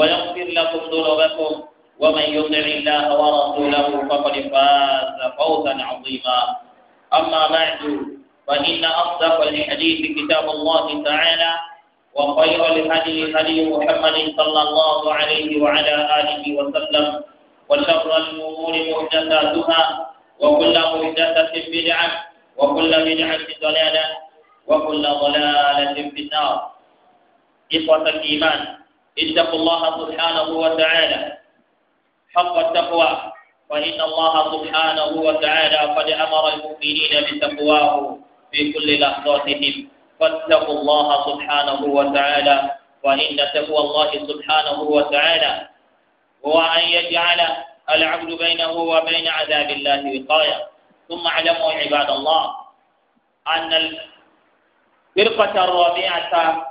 ويغفر لكم ذنوبكم ومن يطع الله ورسوله فقد فاز فوزا عظيما أما بعد فإن أصدق الحديث كتاب الله تعالى وخير الهدي هدي محمد صلى الله عليه وعلى آله وسلم وشر الأمور محدثاتها وكل محدثة بدعة وكل بدعة ضلالة وكل ضلالة في النار إخوة الإيمان اتقوا الله سبحانه وتعالى حق التقوى فإن الله سبحانه وتعالى قد أمر المؤمنين بتقواه في كل لحظاتهم فاتقوا الله سبحانه وتعالى وإن تقوى الله سبحانه وتعالى هو أن يجعل العبد بينه وبين عذاب الله وقايا ثم اعلموا عباد الله أن الفرقة الرابعة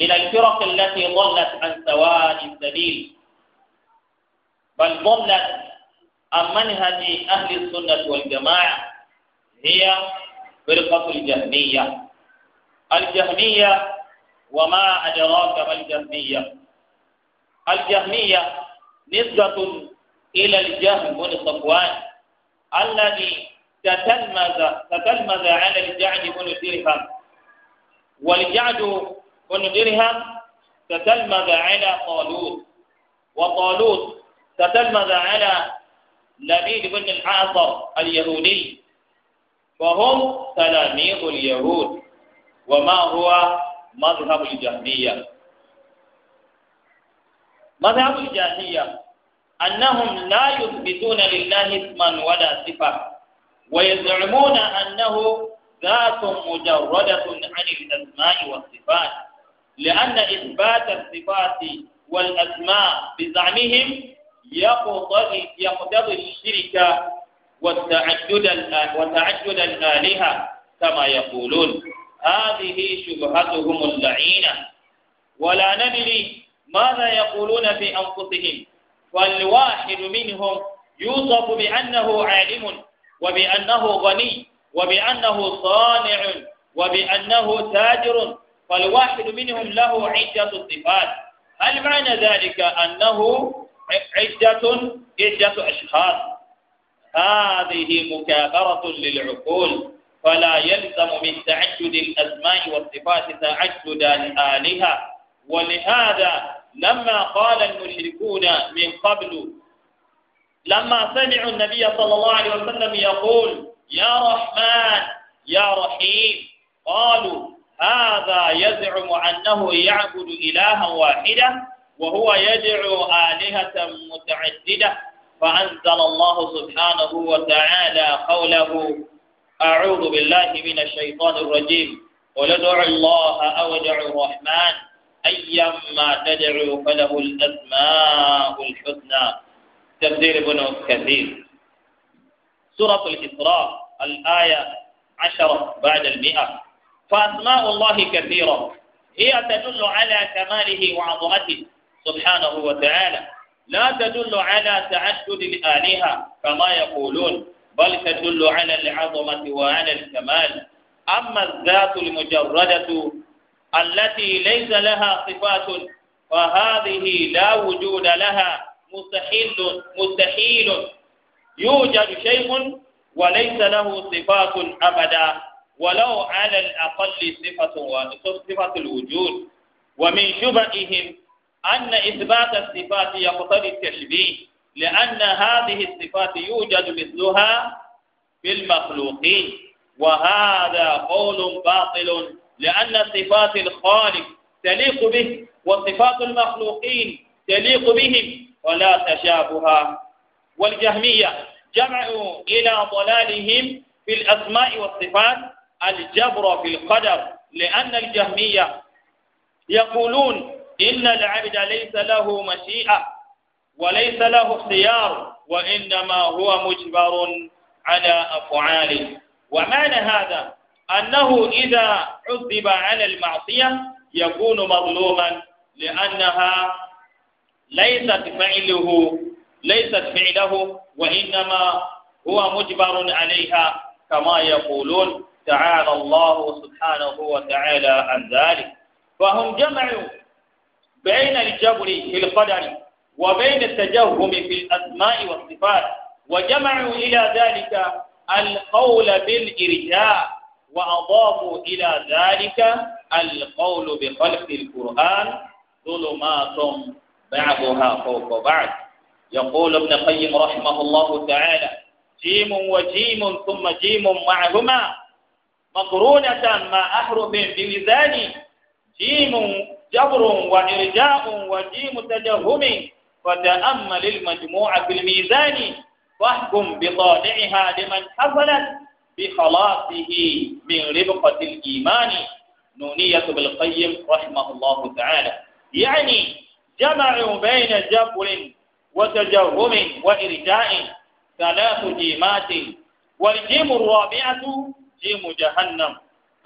من الفرق التي ضلت عن سواء السبيل بل ضلت عن منهج أهل السنة والجماعة هي فرقة الجهمية الجهمية وما أدراك ما الجهمية الجهمية نسبة إلى الجهم بن صفوان الذي تتلمذ تتلمذ على الجعد بن درهم والجعد كل درهم تتلمذ على طالوت وطالوت تتلمذ على لبيد بن الحاصر اليهودي فهم تلاميذ اليهود وما هو مذهب الجهمية مذهب الجهمية أنهم لا يثبتون لله اسما ولا صفة ويزعمون أنه ذات مجردة عن الأسماء والصفات لأن إثبات الصفات والأسماء بزعمهم يقتضي يقتضي الشرك والتعدد وتعدد الآلهة كما يقولون هذه شبهتهم اللعينة ولا ندري ماذا يقولون في أنفسهم فالواحد منهم يوصف بأنه عالم وبأنه غني وبأنه صانع وبأنه تاجر فالواحد منهم له عدة صفات هل معنى ذلك أنه عدة عدة أشخاص هذه مكابرة للعقول فلا يلزم من تعدد الأسماء والصفات تعدد الآلهة ولهذا لما قال المشركون من قبل لما سمعوا النبي صلى الله عليه وسلم يقول يا رحمن يا رحيم قالوا هذا يزعم أنه يعبد إلها واحدا وهو يدعو آلهة متعددة فأنزل الله سبحانه وتعالى قوله أعوذ بالله من الشيطان الرجيم قل ادعوا الله أو ادعوا الرحمن أيما تدعوا فله الأسماء الحسنى تفسير ابن كثير سورة الإسراء الآية عشرة بعد المئة فأسماء الله كثيرة هي تدل على كماله وعظمته سبحانه وتعالى لا تدل على تعدد الآلهة كما يقولون بل تدل على العظمة وعلى الكمال أما الذات المجردة التي ليس لها صفات فهذه لا وجود لها مستحيل مستحيل يوجد شيء وليس له صفات أبدا ولو على الأقل صفة واحدة صفة الوجود ومن شبههم أن إثبات الصفات يقتضي التشبيه لأن هذه الصفات يوجد مثلها في المخلوقين وهذا قول باطل لأن صفات الخالق تليق به وصفات المخلوقين تليق بهم ولا تشابها والجهمية جمعوا إلى ضلالهم في الأسماء والصفات الجبر في القدر لأن الجهمية يقولون إن العبد ليس له مشيئة وليس له اختيار وإنما هو مجبر على أفعاله ومعنى هذا أنه إذا عذب على المعصية يكون مظلوما لأنها ليست فعله ليست فعله وإنما هو مجبر عليها كما يقولون تعالى الله سبحانه وتعالى عن ذلك فهم جمعوا بين الجبر في القدر وبين التجهم في الأسماء والصفات وجمعوا إلى ذلك القول بالإرجاء وأضافوا إلى ذلك القول بخلق القرآن ظلمات بعضها فوق بعض يقول ابن القيم رحمه الله تعالى جيم وجيم ثم جيم معهما مقرونة ما أحرم بوزان جيم جبر وإرجاء وجيم تجهم فتأمل المجموع في الميزان واحكم بطالعها لمن حصلت بخلاصه من ربقة الإيمان نونية بالقيم رحمه الله تعالى يعني جمعوا بين جبر وتجهم وإرجاء ثلاث جيمات والجيم الرابعة جيم جهنم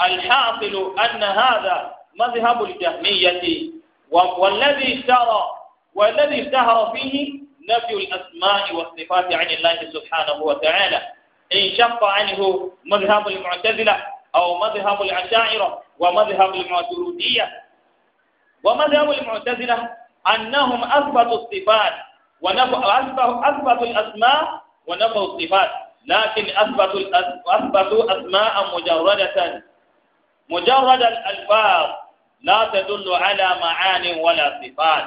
الحاصل أن هذا مذهب الجهمية والذي اشتهر والذي اشتهر فيه نفي الأسماء والصفات عن الله سبحانه وتعالى انشق عنه مذهب المعتزلة أو مذهب العشائرة ومذهب المعتزلية ومذهب المعتزلة أنهم أثبتوا الصفات ونفوا أثبتوا الأسماء ونفوا الصفات لكن أثبتوا أثبتوا أسماء مجردة مجرد الألفاظ لا تدل على معان ولا صفات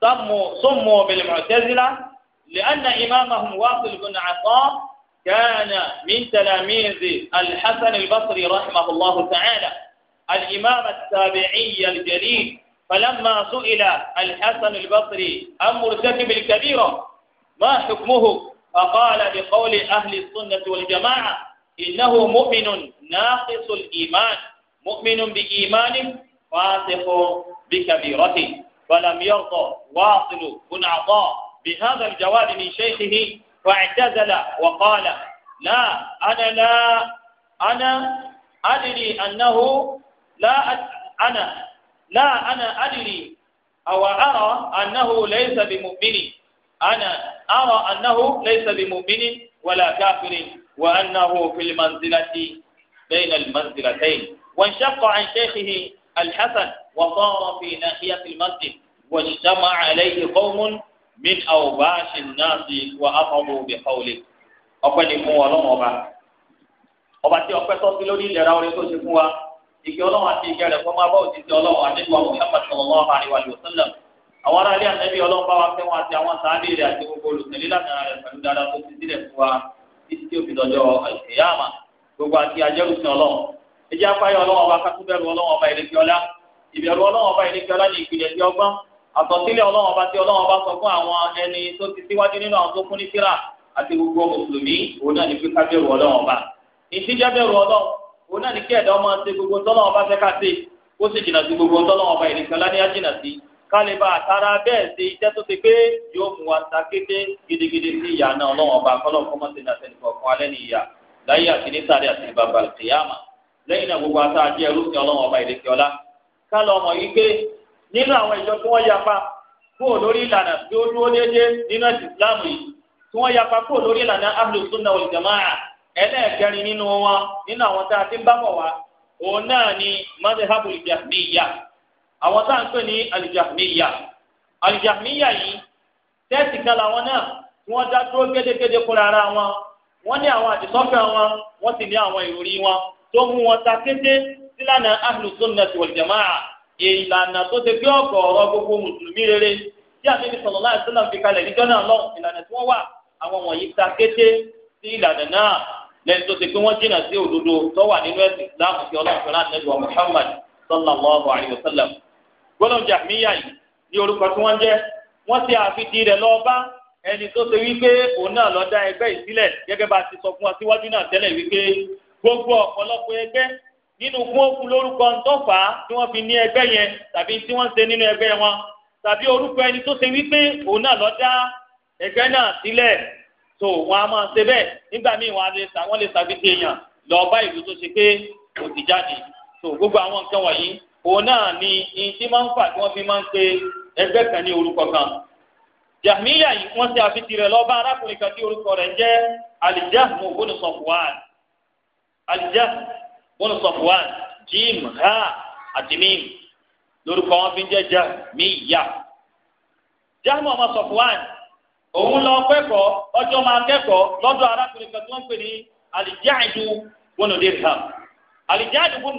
سموا سموا بالمعتزلة لأن إمامهم واصل بن عطاء كان من تلاميذ الحسن البصري رحمه الله تعالى الإمام التابعي الجليل فلما سئل الحسن البصري عن مرتكب الكبيرة ما حكمه فقال بقول أهل السنة والجماعة إنه مؤمن ناقص الإيمان مؤمن بإيمانه فاسق بكبيرته فلم يرضى واصل بن عطاء بهذا الجواب من شيخه فاعتزل وقال لا أنا لا أنا أدري أنه لا أنا لا أنا أدري أو أرى أنه ليس بمؤمن أنا أرى أنه ليس بمؤمن ولا كافر وأنه في المنزلة بين المنزلتين وانشق عن شيخه الحسن وصار في ناحية المسجد واجتمع عليه قوم من أوباش الناس وأطلوا بقوله ọpẹ́ ni fún Ọlọ́run ọba ọba tí ọpẹ́ tọ́ sí lórí ìlera orin tó ṣe fún wa ìgbẹ́ Ọlọ́run àti ìgbẹ́ rẹ̀ fọmọ abọ́ òtítì Ọlọ́run àdéhùn àwọn Muhammad sallallahu alaihi wa sallam àwọn ará ilé ànábì ọlọ́run bá wa fẹ́ wọn àti àwọn sàádé rẹ̀ àti gbogbo olùtẹ̀lé lánàá rẹ̀ pẹ̀lú dáadáa tó ti sílẹ̀ fún wa títí tí ó fi dọjọ́ àìsèyáàmà gbogbo àti ajẹ́rùsìn ọlọ́run ẹjẹ́ apáyọ ọlọ́run ọba kátúbẹ̀rù ọlọ́run ọba ìrèké ọlá ìbẹ̀rù ọlọ́run ọba ìrèké ọlá ní ìpìlẹ̀ tí ọgbọ́n àtọ̀sílẹ̀ ọlọ́run ọba tí ọlọ́run ọba sọ fún àwọn ẹni tó ti síwájú nínú àwọn tó kún ní síra àti gbogbo mùsùlùmí òun náà ní pé kábẹ̀rù ọlọ́run ọba ìtìjẹ́bẹ̀rù ọlọ́run òun náà ní kí ẹ̀dá ọmọ ṣe gbogbo tọ́lọ́run ọba fẹ́ ká ṣe ó sì jìnnà sí gbogbo Kaliba àtàrà bẹ́ẹ̀ ṣe iṣẹ́ tó ṣe pé yóò mú wa ta kété gidigidi sí ìyá náà ọlọ́wọ́n ọba kọ́lọ́ kọ́mọ́sí ní àtẹnukọ̀ fún alẹ́ ní ìyá láyé àti ní sáré àti ní bàbá ìyáàmà lẹ́yìn náà gbogbo ata àti ẹrú ní ọlọ́wọ́n ọba ọlá kálọ̀ ọmọ yìí pé nínú àwọn ìjọ tí wọ́n yapa kúrò lórí ìlànà tí ó dúró déédé nínú ẹ̀sìn Islam yìí tí wọ́n yapa kúrò jamaa ẹlẹ́ẹ̀kẹrin nínú wọn nínú àwọn tá a ti ń bá bọ̀ wá òun náà ni madhabul àwọn tá à ń pè ní alìjàmíyà alìjàmíyà yìí tẹ́ẹ̀sì kan làwọn náà tí wọ́n dá dúró gédégédé kúrò ara wọn wọ́n ní àwọn àdìsọ́fẹ́ wọn wọ́n sì ní àwọn ìròrí wọn tó mú wọn ta kété sílànà ahlu sunnati wal jamaa ìlànà tó ti gbé ọ̀gọ̀ ọ̀rọ̀ gbogbo mùsùlùmí rere tí àbíbi sallallahu alaihi wasallam fi kalẹ̀ níjọ́ náà lọ ìlànà tí wọ́n wà àwọn wọ̀nyí ta kété sí ìlànà náà lẹ́yìn tó ti pé wọ́n jìnnà sí òdodo tó wà nínú ẹ̀sìn láàmùsí ọlọ́run fẹ́ràn gbọ́dọ̀ jàmíyà yìí ní orúkọ tí wọ́n jẹ́ wọ́n ti àfitì rẹ̀ lọ bá ẹni tó ṣe wípé òun náà lọ dá ẹgbẹ́ ìsílẹ̀ gẹ́gẹ́ bá a ti sọ fún wa síwájú náà tẹ́lẹ̀ wípé gbogbo ọ̀pọ̀lọpọ̀ ẹgbẹ́ nínú fún òkun lórúkọ ntọ́fà tí wọ́n fi ní ẹgbẹ́ yẹn tàbí tí wọ́n ṣe nínú ẹgbẹ́ wọn tàbí orúkọ ẹni tó ṣe wípé òun náà lọ dá ẹgbẹ́ náà sílẹ̀ tó wọn a máa ṣe bẹ́ẹ̀ nígbà míì wọn lè ṣàfihàn lọ bá ìlú tó ṣe pé òtìjáde tó gbogbo àwọn nǹkan wọ̀nyí òun náà ni ìdí máa ń fà tí wọ́n fi máa ń pe ẹgbẹ́ kan ní orúkọ kan jahmiya yìí wọ́n ti àfi tirẹ̀ lọ bá arákùnrin kan tí orúkọ rẹ̀ jẹ́ alijahmu bónú sọfùwàn alijahmu bónú sọfùwàn jim ha àti mim lórúkọ wọn fi ń jẹ́ jahmiya jahmu ọmọ sọfùwàn òun lọ kẹ́kọ̀ọ́ ọjọ́ máa kẹ́kọ̀ọ́ lọ́dọ̀ arákùnrin kan tí wọ́n pè ní alijahidu bónú alijahidu bónú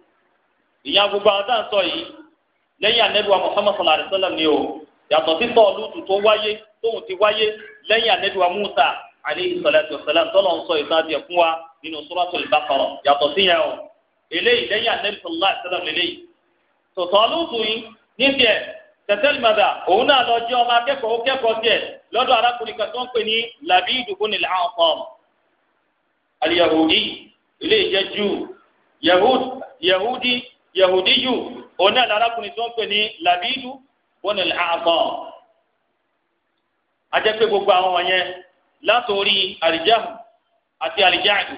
ìyá gbogbo àwọn tá à ń sọ yìí lẹ́yìn anẹ́dùwà Muhammad sallallahu alayhi wa sallam ni o yàtọ̀ sí Tọ́lútù tó wáyé tóun ti wáyé lẹ́yìn anẹ́dùwà Musa alayhi salatu wa salam tọ́lọ̀ ń sọ ìtàn tiẹ̀ fún wa nínú Suratul Baqara yàtọ̀ sí yẹn o eléyìí lẹ́yìn anẹ́dù sallallahu alayhi wa sallam lélẹ́yìí Tọ́lútù yìí ní tiẹ̀ tẹ̀tẹ́lìmọ̀dà òun náà lọ jẹ́ ọmọ akẹ́kọ̀ọ́ kẹ́kọ̀ọ́ tiẹ̀ lọ́dọ̀ arákùnrin kan tó ń pè ní Labidu ibn al-A'sam ilé ìjẹ́ Yahudi yahudi yu òun náà lárakùnrin tó ń pè ní labidu bọ́nà àbọ̀ ajẹ́pẹ́ gbogbo àwọn wọ̀nyẹn látòrí àríjáhù àti àríjáàdù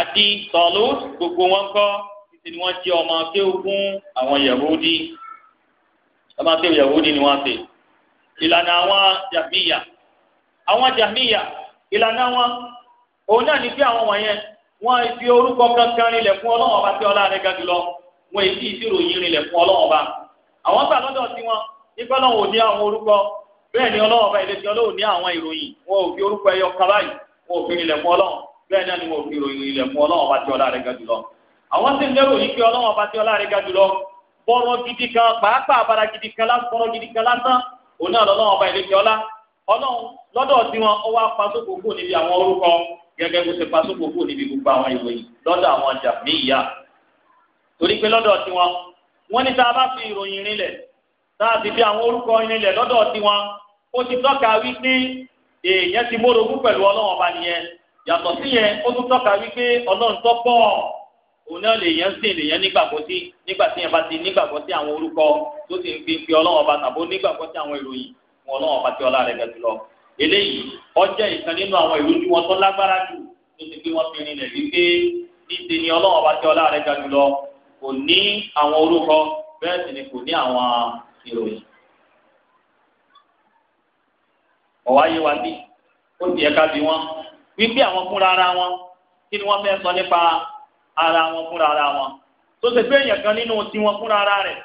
àti tọ̀lù gbogbo wọn kọ́ títí ni wọ́n jẹ́ ọmọ akéwù àwọn yahudi ọmọ akéwù yahudi ni wọ́n ṣe ìlànà àwọn jàmíyà àwọn jàmíyà ìlànà wọn òun náà ní pé àwọn wọ̀nyẹn wọ́n fi orúkọ kankan rinlẹ̀ fún ọlọ́wọ́n bá tí ọlá rẹ̀ ga wọn èyí tí ìṣirò yìí rinlẹ̀ fún ọlọ́wọ́n bá àwọn gbà lọ́dọ̀ sí wọn nígbà náà ò ní àwọn orúkọ bẹ́ẹ̀ ni ọlọ́wọ́n bá ìlẹ́sìn ọlọ́wọ́ ní àwọn ìròyìn wọn ò fi orúkọ ẹyọ kan báyìí wọn ò fi rinlẹ̀ fún ọlọ́wọ́n bẹ́ẹ̀ ni wọn ò fi ròyìn rinlẹ̀ fún ọlọ́wọ́n bá ti ọlá rẹ̀ ga jùlọ. àwọn sì ń lérò yìí pé ọlọ́wọ́n bá ti ọlá rẹ̀ ga jùlọ bọ́rọ̀ gidi kan pàápàá abara gidi kan lásán gidi kan lásán òun náà lọ́wọ́n bá ìlẹ́sìn ọlá ọlọ́run lọ́dọ̀ tí wọn ó wá pasókò kù níbi àwọn orúkọ gẹ́gẹ́ bó ṣe pasókò kù níbi gbogbo àwọn ìròyìn lọ́dọ̀ àwọn ọjà míì yá torí pé lọ́dọ̀ tiwọn wọ́n ní tá a bá fi ìròyìn rinlẹ̀ tá a sì fi àwọn orúkọ rinlẹ̀ lọ́dọ̀ tiwọn ó ti tọ́ka wípé èèyàn ti mórogún pẹ̀lú ọlọ́run ọba nìyẹn yàtọ̀ sí yẹn ó tún tọ́ka wípé ọlọ́run tó pọ̀ òun náà lèèyàn sì lèèyàn nígbàgbọ́ sí nígbà tí yẹn bá ti nígbàgbọ́ sí àwọn orúkọ tó sì ń fi fi ọlọ́run ọba tàbó nígbàgbọ́ sí àwọn ìròyìn fún ọlọ́run ọba tí ọlá rẹ̀ gẹ̀ jùlọ eléyìí ọjọ́ ìkan nínú àwọn ìlú tí wọ́n tó lágbára jù tó ti gbé wọn fi rinlẹ̀ wípé níṣe ni ọlọ́run ọba tí ọlá rẹ̀ ga jùlọ kò ní àwọn orúkọ bẹ́ẹ̀ sì ni kò ní àwọn ìròyìn. ọ̀wá yé wa bí ó ti ẹ̀ka bí wọ́n wípé àwọn fúnra ara wọn kí ni wọ́n fẹ́ sọ nípa ara wọn fúnra ara wọn tó ṣe pé èèyàn kan nínú tiwọn fúnra ara rẹ̀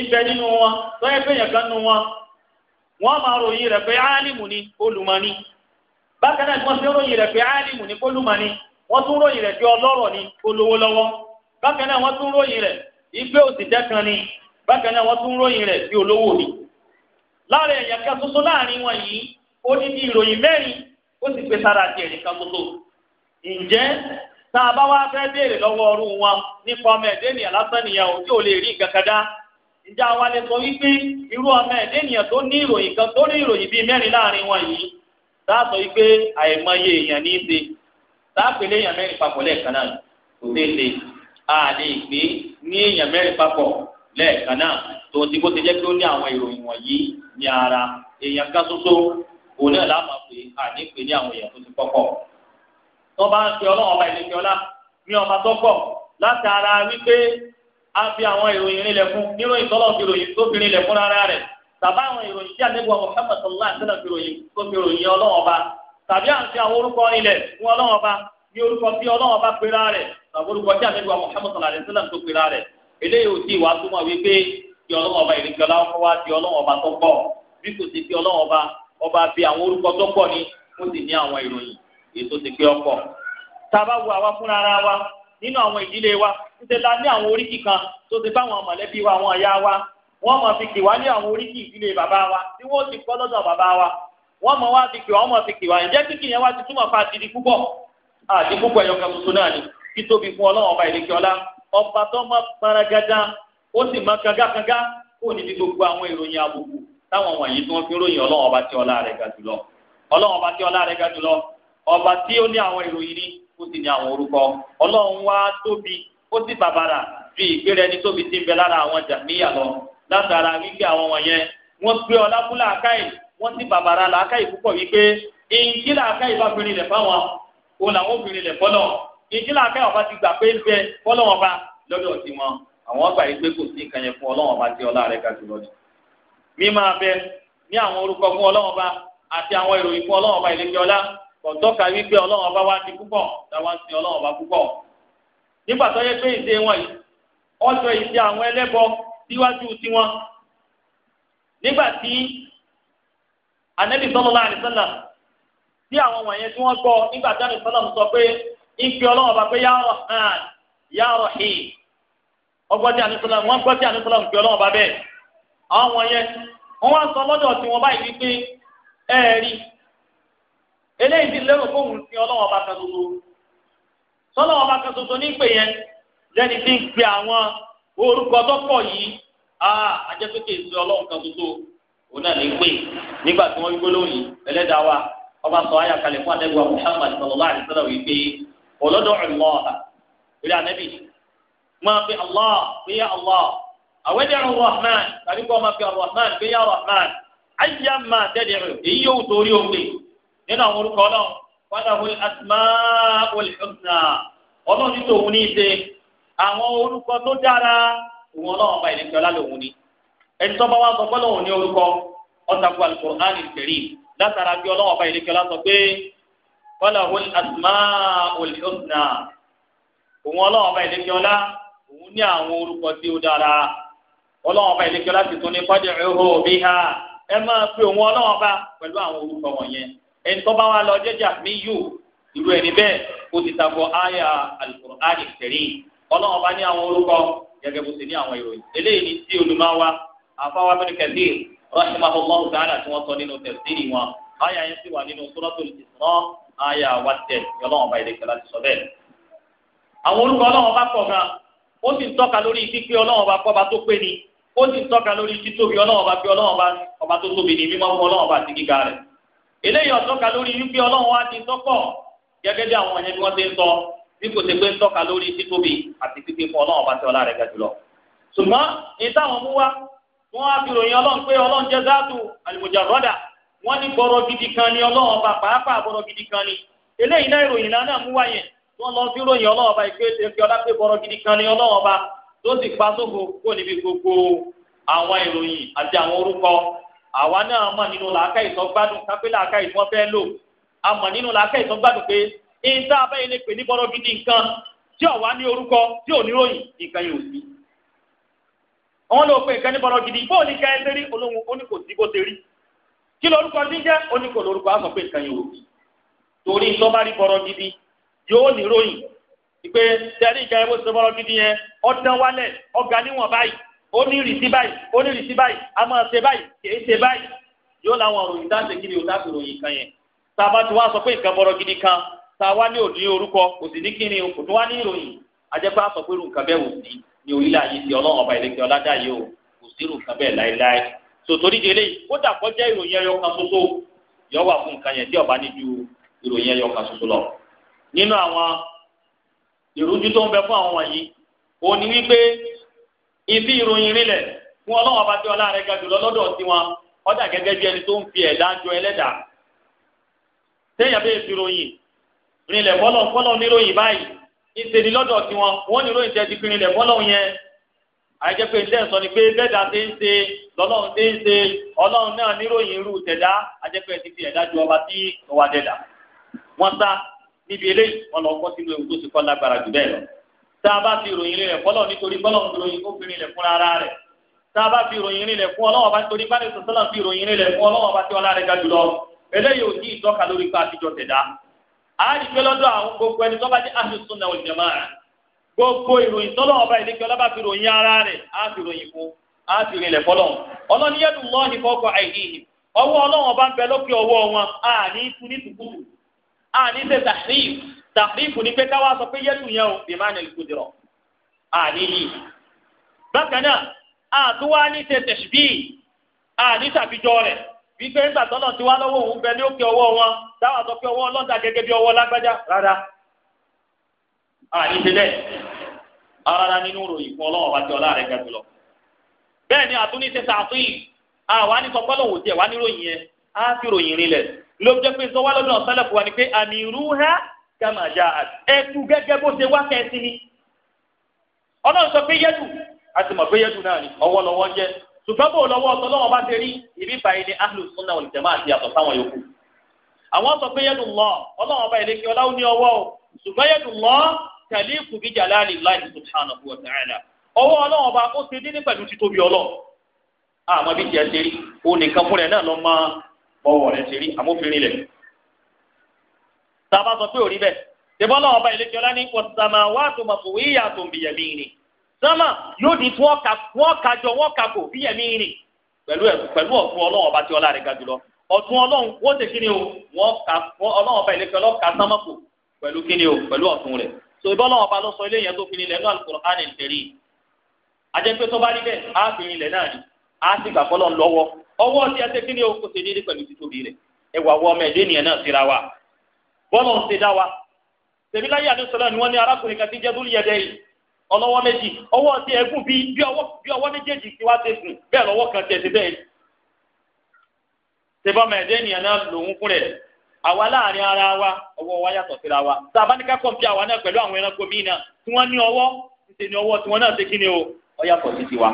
ibẹ̀ nínú wọn tó yẹ pé èèyàn kan nínú wọn wọ́n máa ròyìn rẹ̀ pé áálìmù ni olùmọ̀ni bákan náà wọ́n ti ròyìn rẹ̀ pé áálìmù ni olùmọ̀ni wọ́n tún ròyìn rẹ̀ pé ọlọ́rọ̀ ni olówó lọ́wọ́ bákan náà wọ́n tún ròyìn rẹ̀ ìgbé òsìjẹ́ kan ni bákan náà wọ́n tún ròyìn rẹ̀ bí olówó ni. láàrin ẹyà kan ṣoṣo láàrin wọn yìí ó ní bí ìròyìn mẹ́rin ó sì gbé sára di ẹ̀rí kan ṣoṣo. ǹjẹ́ tá a bá wá fẹ́ béèrè wọn nípa ọmọ kan dá. lè sọ wípé irú ọmọ sọ wípé àìmọye èèyàn ní í ṣe tá a pèlè èèyàn papọ̀ lẹ́ẹ̀kan a lè gbé ní èèyàn mẹ́rin papọ̀ lẹ́ẹ̀kan náà tó ti bó ti jẹ́ pé ó ní àwọn ìròyìn wọ̀nyí ní ara èèyàn kan ṣoṣo òun náà láàmà pé a ní pè ní àwọn èèyàn tó ti pọ̀pọ̀ tó bá ń pe ọlọ́run ọba ìlẹ́kẹ́ ọlá ní ọba tó pọ̀ látara wípé a fi àwọn ìròyìn rinlẹ̀ fún níròyìn tọ́lọ́ fi ròyìn tó fi rinlẹ̀ fún rárá rẹ̀ tàbá àwọn ìròyìn tí àdébùwà Muhammad sallallahu alaihi wasallam fi ròyìn tó fi ròyìn ọlọ́run ọba tàbí à ń fi olùkọ́jà níbi wa Muhammad sallallahu alayhi wa sallam tó pera rẹ̀ eléyìí ò tí ì wá túmọ̀ wípé kí ọlọ́wọ́ ọba ìrìnkẹ́ ọlá ọkọ wa di ọlọ́wọ́ ọba tó pọ̀ bí kò sí kí ọlọ́wọ́ ọba ọba bí àwọn orúkọ tó pọ̀ ni ó sì ní àwọn ìròyìn ètò ti pé ọkọ̀. tá a bá wo àwa fúnra ara wa nínú àwọn ìdílé wa títí la ní àwọn oríkì kan tó ti bá mọ̀lẹ́bí wa àwọn ọ̀yá wa wọ́n mọ̀ fi kì wá ní àwọn oríkì ìdílé bàbá wa tí wọ́n ti kọ́ lọ́dọ̀ bàbá wa wọ́n mọ̀ wá fi kì wá wọ́n mọ̀ fi kì wá ǹjẹ́ kíkì yẹn wá ti túmọ̀ fa àdìdí púpọ̀ àdìdí púpọ̀ ẹ̀yọ̀kan tuntun náà ni títóbi fún ọlọ́run ọba ìlẹkẹ ọlá ọba tó má paragada ó sì má kangakanga kó níbi gbogbo àwọn ìròyìn àbùkù táwọn wọ̀nyí tí wọ́n fi ròyìn ọlọ́run ọba tí ọlá rẹ̀ ga jùlọ ọlọ́run ọba tí ọlá rẹ̀ ga jùlọ ọba tí ó ní àwọn ìròyìn ní ó sì ní àwọn orúkọ ọlọ́run wá tóbi ó sì bàbàrà fi ìgbéra ẹni tóbi ti ń bẹ lára àwọn jàmíyà lọ látara wípé àwọn wọ̀nyẹn wọ́n gbé ọlá fún làákàyè wọ́n ti bàbàrà làákàyè púpọ̀ wípé èyí tí làákàyè bá fi rinlẹ̀ fáwọn òun làwọn ò fi rinlẹ̀ fọ́lọ́ ìdílà fẹ́ ọba ti gbà pé ń bẹ fọlọ́wọ́n ba lọ́dọ̀ tí wọn àwọn ọgbà yìí pé kò sí nǹkan yẹn fún ọlọ́wọ́n ba tí ọlá rẹ̀ ga jùlọ ni. mi máa bẹ ní àwọn orúkọ fún ọlọ́wọ́n ba àti àwọn ìròyìn fún ọlọ́wọ́n ba ìlẹ́kẹ́ ọlá ọ̀tọ́ka wípé ọlọ́wọ́n ba wá di púpọ̀ táwa ń sin ọlọ́wọ́n ba púpọ̀. nígbà tó yẹ pé ìṣe wọn yìí ọjọ́ ìṣe àwọn ẹlẹ́bọ síwájú tiwọn nígbà tí Ànábì sallallahu alaihi wasallam tí àwọn wọ̀nyẹn tí wọ́n gbọ́ nígbà tí Ànábì sallallahu sọ pé ìpè ọlọ́wọ́ bá pé ya Rahman yá ya ọgbọ́n tí àdúgbò wọn gbọ́ tí àdúgbò ìpè ọlọ́wọ́ bá bẹ́ẹ̀ àwọn yẹn wọn sọ lọ́dọ̀ tí wọn báyìí wípé ẹ rí eléyìí ti lérò fóun sí ọlọ́wọ́ bá kan sọlọ́wọ́ bá kan ní ìpè yẹn lẹ́ni tí ń pe àwọn orúkọ tó yìí àjẹsókè ìṣe kan òun náà ní pè nígbà tí wọ́n ẹlẹ́dàá wa ọba sọ fún Muhammad wípé ọlọ́dọ̀ ọlọ́ọ̀ha orí anabi máa fi allah fi ya allah àwẹ̀dẹ̀ rahman tàbí kọ́ máa fi rahman fi ya rahman ayé máa tẹ̀lé rẹ̀ èyí yóò torí òkè nínú àwọn orúkọ ọlọ́run fadahu asmaul husna ọlọ́run tó wù ní ìṣe àwọn orúkọ tó dára òun ọlọ́run ọba ìdíkẹ́ ọlá lòun ni ẹni tó bá wá sọ fọlọ́run ní orúkọ ọ̀sàkùn alukur'an kẹrì látara bí ọlọ́run ọba ìdíkẹ́ ọlá sọ pé falahul asmaul husna òun ọlọ́run ọba ìlẹ́kẹ́ ọlá òun ní àwọn orúkọ tí ó dára ọlọ́run ọba ìlẹ́kẹ́ ọlá ti tún ní fad'uhu biha ẹ máa pe òun ọlọ́run ọba pẹ̀lú àwọn orúkọ wọ̀nyẹn ẹni tó bá wà lọ jẹ́jà mí yù irú ẹni bẹ́ẹ̀ ó ti takò àyà al-Qur'an al-Karim ọba ní àwọn orúkọ gẹ́gẹ́ bó ti ní àwọn ìròyìn eléyìí ni tí olùmọ̀wá àfáwá bẹ́ẹ̀ àyà wa tẹ̀ ní ọlọ́run ọba ìlẹ̀kẹ́ láti sọ bẹ́ẹ̀. àwọn orúkọ ọlọ́run ọba pọ̀ gan ó sì ń tọ́ka lórí pípé ọlọ́run ọba kọ́ba tó pé ni ó sì ń tọ́ka lórí títóbi ọlọ́run ọba pé ọlọ́run ọba ọba tó tóbi ni mímọ́ fún ọlọ́run ọba àti gíga rẹ̀. eléyìí ọ̀tọ́ka lórí wípé ọlọ́run wa ti tọ́pọ̀ gẹ́gẹ́ bí àwọn ẹni wọ́n ti ń sọ bí kò ṣe pé ń tọ́ka lórí títóbi àti pípé fún ọlọ́run ọba tí ọlá rẹ̀ ga jùlọ. wọ́n ní gbọ́rọ̀ gidi kan ni ọlọ́run ọba pàápàá gbọ́rọ̀ gidi kan ni eléyìí náà ìròyìn náà náà mú wáyé wọ́n lọ sí ròyìn ọlọ́run ọba ìgbé èké ọlá pé gbọ́rọ̀ gidi kan ni ọlọ́run ọba tó sì pa sóko kó níbi gbogbo àwọn ìròyìn àti àwọn orúkọ àwa náà mọ̀ nínú làákà ìsọgbádùn kápẹ́ làákà ìsọ́ fẹ́ lò a mọ̀ nínú làákà ìsọgbádùn pé ìta abẹ́yẹ kí lorúkọ ní jẹ́ oníkò lorúkọ á sọ pé nǹkan yìí wò torí ń lọ́ba rí bọ́rọ̀ gidi yóò ní ròyìn ìpè tẹ̀lé ìjà ẹ̀wọ́ ti bọ́rọ̀ gidi yẹn ọ̀dán wálẹ̀ ọ̀gá níwọ̀n báyìí ó ní ìrìsí báyìí ó ní ìrìsí báyìí a máa ṣe báyìí kì í ṣe báyìí yóò láwọn ròyìn dáńtẹ̀ kí ni òun dáńtẹ̀ ròyìn kan yẹn tá a bá ti wá sọ pé nǹkan bọ́rọ̀ gidi kan tá a wá ní òdì orúkọ kò sì ní kí ni kò tún wá ní ìròyìn ajẹ́pẹ́ àsọpẹ́rù nǹkan bẹ́ẹ̀ wò sí ní orílẹ̀ ayé ti ọlọ́run ọba ìlẹ́kẹ́ ọládàáyé o kò sí irú nǹkan bẹ́ẹ̀ láéláé sòtòrí délé yìí kódà kọjá ìròyìn ẹyọ kan ṣoṣo yọ wà fún nǹkan yẹn tí ọba ní ju ìròyìn ẹyọ kan ṣoṣo lọ nínú àwọn ìrújú tó ń bẹ fún àwọn wọ̀nyí òun ni wípé ibi ìròyìn rinlẹ̀ fún ọlọ́run ọba tí ọlá rẹ̀ ga jùlọ lọ́dọ̀ tiwọn ọ̀dà gẹ́gẹ́ bí ẹni tó ń fi ẹ̀dá jọ ẹlẹ́dàá téèyàn bẹ́ẹ̀ fi ròyìn rinlẹ̀ fọlọ́ fọlọ́ níròyìn báyìí ìṣèlú lọ́dọ̀ tiwọn wọ́n níròyìn tẹ́ ti fi rinlẹ̀ fọlọ́ yẹn àìjẹ́ pé ǹjẹ́ sọ ni pé bẹ́ẹ̀dá ti ń ṣe lọ́lọ́run ti ń ṣe ọlọ́run náà níròyìn irú tẹ̀dá àìjẹ́ pé ti fi ẹ̀dá ju ọba tí ọwà dẹ̀dá. wọ́n sá níbi eléyìí wọn lọ kọ́ sínú ewu tó ti kọ́ lágbára jù bẹ́ẹ̀ lọ. tá a bá fi ìròyìn rẹ̀ fọlọ́ nítorí bọ́lọ́run ròyìn obìnrin rẹ̀ fúnra ara rẹ̀ tá a bá fi ìròyìn rẹ̀ fún ọlọ́wọ́ bá torí bá ní ìtọ́ka gbogbo ìròyìn tọ́lọ́ ọba ìdíkẹ́ ọlọ́ba fi ara rẹ̀ á fi ròyìn fún á fi rìnlẹ̀ fọlọ́ ọlọ́ni yẹ́dù lọ́ọ́ fọ́kọ àìníhìn ọwọ́ ọlọ́run ọba ń bẹ lókè ọwọ́ wọn á ní fún ní tùkùtù sọ pé yẹ́dù yẹn máa ń á ní bákan náà á tún wá ní ṣe á ní rẹ̀ wípé ń tí wá lọ́wọ́ àní ṣe bẹ́ẹ̀ ara nínú ròyìn fún ọlọ́wọ́n bá ti ọlá rẹ̀ bẹ́ẹ̀ ni àtúní ṣe ṣàtúnyìn àwa ní sọpọ́ lòun wà níròyìn yẹn á fi ròyìn rinlẹ̀ ló pé lọ́dún wa ni pé àmì irú já gẹ́gẹ́ bó ṣe wá kẹ́sí ni. sọ pé yẹ́dù a ti mọ̀ pé yẹ́dù náà ni ọwọ́ lọ́wọ́ jẹ́ ṣùgbọ́n bó ibi ni ahlus sáwọn yòókù. àwọn sọ pé yẹ́dù taliqu bi jalalillahi subhanahu wa ta'ala ọwọ́ ọlọ́run ọba ó ṣe dídí pẹ̀lú títóbi ọlọ́run àmọ́ bí tiẹ̀ ṣe rí òun nìkan fúnra ẹ̀ náà lọ́ máa ọwọ́ rẹ̀ ṣe rí àmófinrin rẹ̀ tá a bá sọ pé ò rí bẹ́ẹ̀ ṣèbọ́ ọlọ́run ọba ìlẹ́kẹ́ ọlá ní was-samawatu matwiyyatun biyamini sámà yóò di tí wọ́n ka jọ wọ́n ka kò biyamini pẹ̀lú ọ̀tún ọlọ́run ọba tí ọlá rẹ̀ ga jùlọ ọ̀tún ọlọ́run o wọ́n ka ọlọ́run tó ìbọ́lọ̀ ọba ló sọ ilé yẹn tó fi nílẹ̀ ní Al-Qur'an al-Karim àjẹpẹ́ tó bá rí bẹ́ẹ̀ á fi nílẹ̀ náà ni á sì gbà fọlọ́ lọ́wọ́ ọwọ́ tí a kí ni o kò ṣe déédé pẹ̀lú títóbi rẹ̀ ẹwà wọ ọmọ ẹ̀dẹ́ ènìyàn náà síra wa bọ́lọ̀ ń ṣe dá wa tèmi láyé àdúsọ̀rọ̀ ni wọ́n ní arákùnrin kan ti jẹ́ dúró yẹdẹ yìí ọlọ́wọ́ méjì ọwọ́ ti ẹ̀gún bí bí ọwọ́ méjèèjì ti wá ṣe sùn bẹ́ẹ̀ lọ́wọ́ kan tẹ̀sí bẹ́ẹ̀ ṣe bọ́mọ ẹ̀dẹ́ ènìyàn náà lòun fún rẹ̀ àwa láàrin ara wa ọwọ́ wa yàtọ̀ síra wa tá a bá ní ká kọ̀ǹpì àwa náà pẹ̀lú àwọn ẹranko míì náà tí wọ́n ní ọwọ́ ṣe ní ọwọ́ tí wọ́n náà ṣe kí ni o ọ yàtọ̀ sí tiwa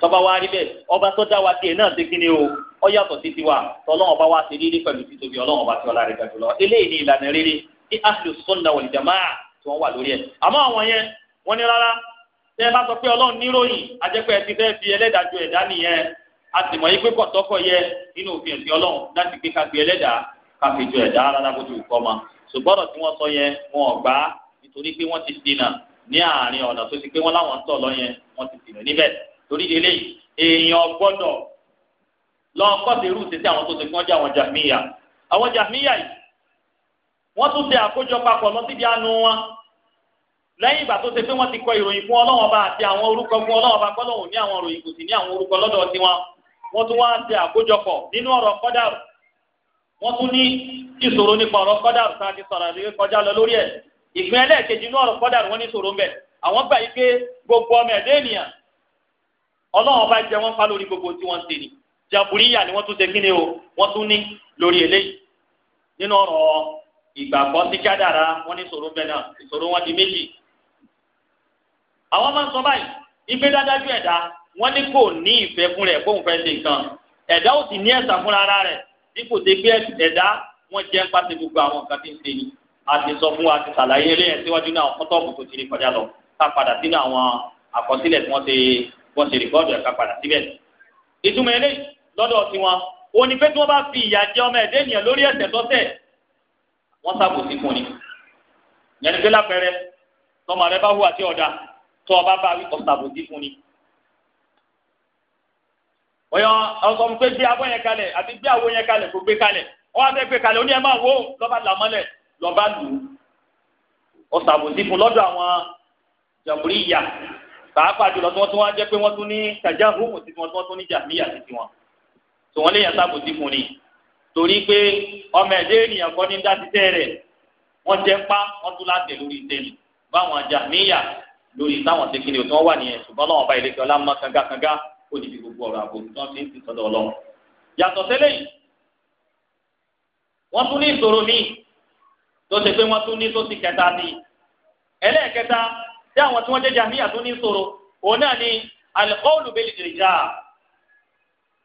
tọba wa rí bẹ́ẹ̀ ọba tó dá wa tiẹ̀ náà ṣe kí ni o ọ yàtọ̀ sí tiwa tọlọ́wọ́n bá wa ṣe rírí pẹ̀lú títóbi ọlọ́wọ́n bá ti ọlá rẹ̀ gàdúrà eléyìí ni ìlànà rírí tí ahlu sunna wal jamaa tí wọ́n wà lórí ẹ̀ àmọ́ àwọn yẹn wọ́n ní rárá tẹ́ ẹ bá sọ pé ọlọ́run níròyìn àjẹpẹ́ ẹ ti fẹ́ fi ẹlẹ́dàá ju ẹ̀dá nìyẹn a sì mọ̀ yí pé kọ̀tọ́kọ̀ yẹ nínú òfin ẹ̀sìn ọlọ́run láti gbé ká fi ẹlẹ́dàá káfíjọ ẹ̀dá rárá bó ti kọ́ ma ṣùgbọ́n ọ̀rọ̀ tí wọ́n sọ yẹn wọn ò gbà nítorí pé wọ́n ti dènà ní àárín ọ̀nà tó ti pé wọ́n láwọn ń tọ̀ lọ yẹn wọ́n ti dènà níbẹ̀ torí délé èèyàn gbọ́dọ̀ lọ kọ́sí irú títí àwọn tó ti fún ọjà àwọn jàmíyà àwọn jàmíyà yìí wọ́n tún ṣe àkójọ papọ̀ lọ síbi àánú wọn lẹ́yìn ìgbà tó ṣe pé wọ́n ti kọ ìròyìn fún Ọlọ́run Ọba àti àwọn orúkọ fún Ọlọ́run Ọba gbọ́dọ̀ ní àwọn ìròyìn kò sì ní àwọn orúkọ lọ́dọ̀ tiwọn wọ́n tún wá ṣe àkójọpọ̀ nínú ọ̀rọ̀ kọ́dàrú wọ́n tún ní ìṣòro nípa ọ̀rọ̀ kọ́dà tá a ti sọ̀rọ̀ àti kọjá lọ lórí ẹ̀ ìpín ẹlẹ́ẹ̀kejì inú ọ̀rọ̀ kọ́dà wọ́n ní ìṣòro ń bẹ àwọn gbà yí pé gbogbo ọmọ ẹ̀dá ènìyàn ọlọ́run bá jẹ wọ́n pa lórí gbogbo tí wọ́n ń ṣe ni jàbùríyà ni wọ́n tún ṣe kíni o wọ́n tún ní lórí eléyìí nínú ọ̀rọ̀ ìgbàgbọ́ sí kádàrá wọ́n ní ìṣòro bẹ́ẹ̀ náà ìṣòro wọn di méjì àwọn máa ń sọ báyìí ibi dájú ẹ̀dá wọ́n ní kò ní ìfẹ́ fún rẹ̀ kóun fẹ́ ṣe nǹkan ẹ̀dá ò sì ní ẹ̀sà fúnra rẹ̀ dípò tẹ gbé ẹ̀dá wọ́n jẹ́ ń pàṣẹ gbogbo àwọn nǹkan tí ń ṣe yìí a ti sọ fún wa ti ṣàlàyé eléyẹn síwájú náà kọ́tọ́ọ̀bù tó ti rí kọjá lọ ká padà sínú àwọn àkọsílẹ̀ tí wọ́n ṣe wọ́n ṣe rìkọ́ọ̀dù ẹ̀ ká padà síbẹ̀. ìtumọ̀ eléyìí lọ́dọ̀ tiwọn òun ni pé tí wọ́n bá fi ìyà jẹ ọmọ ẹ̀dẹ́ ènìyàn lórí ẹ̀ṣẹ̀ tọ́tẹ̀ wọ́n ṣàbòsí fún ni. yẹn ni pé lápẹẹrẹ tọmọ rẹ bá hùwà tí ọ̀dà tọ́ ọba bá wí ọ̀ṣàbòsí fún ni ọyọ ọkọ mi pé gbé abọ́ yẹn kalẹ̀ àti gbé àwo yẹn kalẹ̀ kò gbé kalẹ̀ wọn abẹ gbé kalẹ̀ ó ní ẹ máa wo lọba làmọlẹ lọba lù ó ṣàbòsí fún lọ́dọ̀ àwọn jàmbúrí ìyá pàápàá jùlọ tí wọn tún wá jẹ pé wọn tún ní kàjá hóhùn sí wọn tí wọn tún ní jàmíyà sí tiwọn tí wọn lè yàn ṣàbòsí fún ni torí pé ọmọ ẹdẹ ènìyàn kọ́ ní dásítẹ rẹ wọn jẹ pa wọn tún láti lórí ìtẹlẹ báwọn jàmíyà lórí táwọn ṣe òtún wà kó níbi gbogbo ọ̀rọ̀ àbòsí tí wọ́n fi ń fi sọ́dọ̀ ọlọ́run. yàtọ̀ tẹ́lẹ̀ yìí wọ́n tún ní ìṣòro míì tó ṣe pé wọ́n tún ní tó ti kẹta ní ẹlẹ́ẹ̀kẹta tí àwọn tí wọ́n jẹ́ jàmíyà tún ní ìṣòro òun náà ni alqawlu bil irja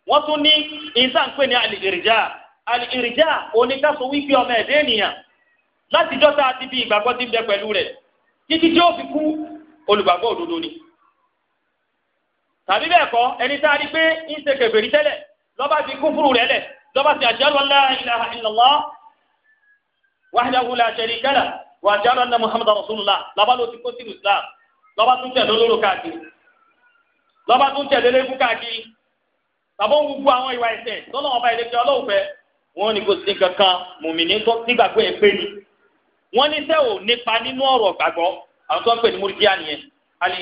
wọ́n tún ní ìsànpé ní al irja al wípé ọmọ ẹ̀dẹ́ ènìyàn látijọ́ tá a ti fi ìgbàgbọ́ ti bẹ pẹ̀lú rẹ̀ títí tí ó fi kú olùgbàgbọ́ òdodo ni tàbí bẹ́ẹ̀ kọ́ ẹni tá a rí pé ń ṣe kèfèrí tẹ́lẹ̀ lọ́ba ti kúfúrú rẹ̀ lẹ̀ lọ́ba ti ashhadu an la ilaha illallah wahdahu la sharika lah wa ashhadu anna muhammadar rasulullah lọ́ba ló ti kó sínú islam lọ́ba tún tẹ̀ lólóró káàkiri lọ́ba tún tẹ̀ lélẹ́kú káàkiri tàbí òun gbogbo àwọn ìwà ẹ̀ṣẹ̀ tọ́lọ́ ọba ìlẹ́kẹ́ ọlọ́ọ̀fẹ́ wọn ni kò sí kankan mùmìnì tó nígbàgbọ́ ẹ̀ pé ni wọn ní sẹ́wọ̀n nípa nínú ọ̀rọ̀ gbàgbọ́ àwọn tó ń pè ní múrídíà nìyẹn àlè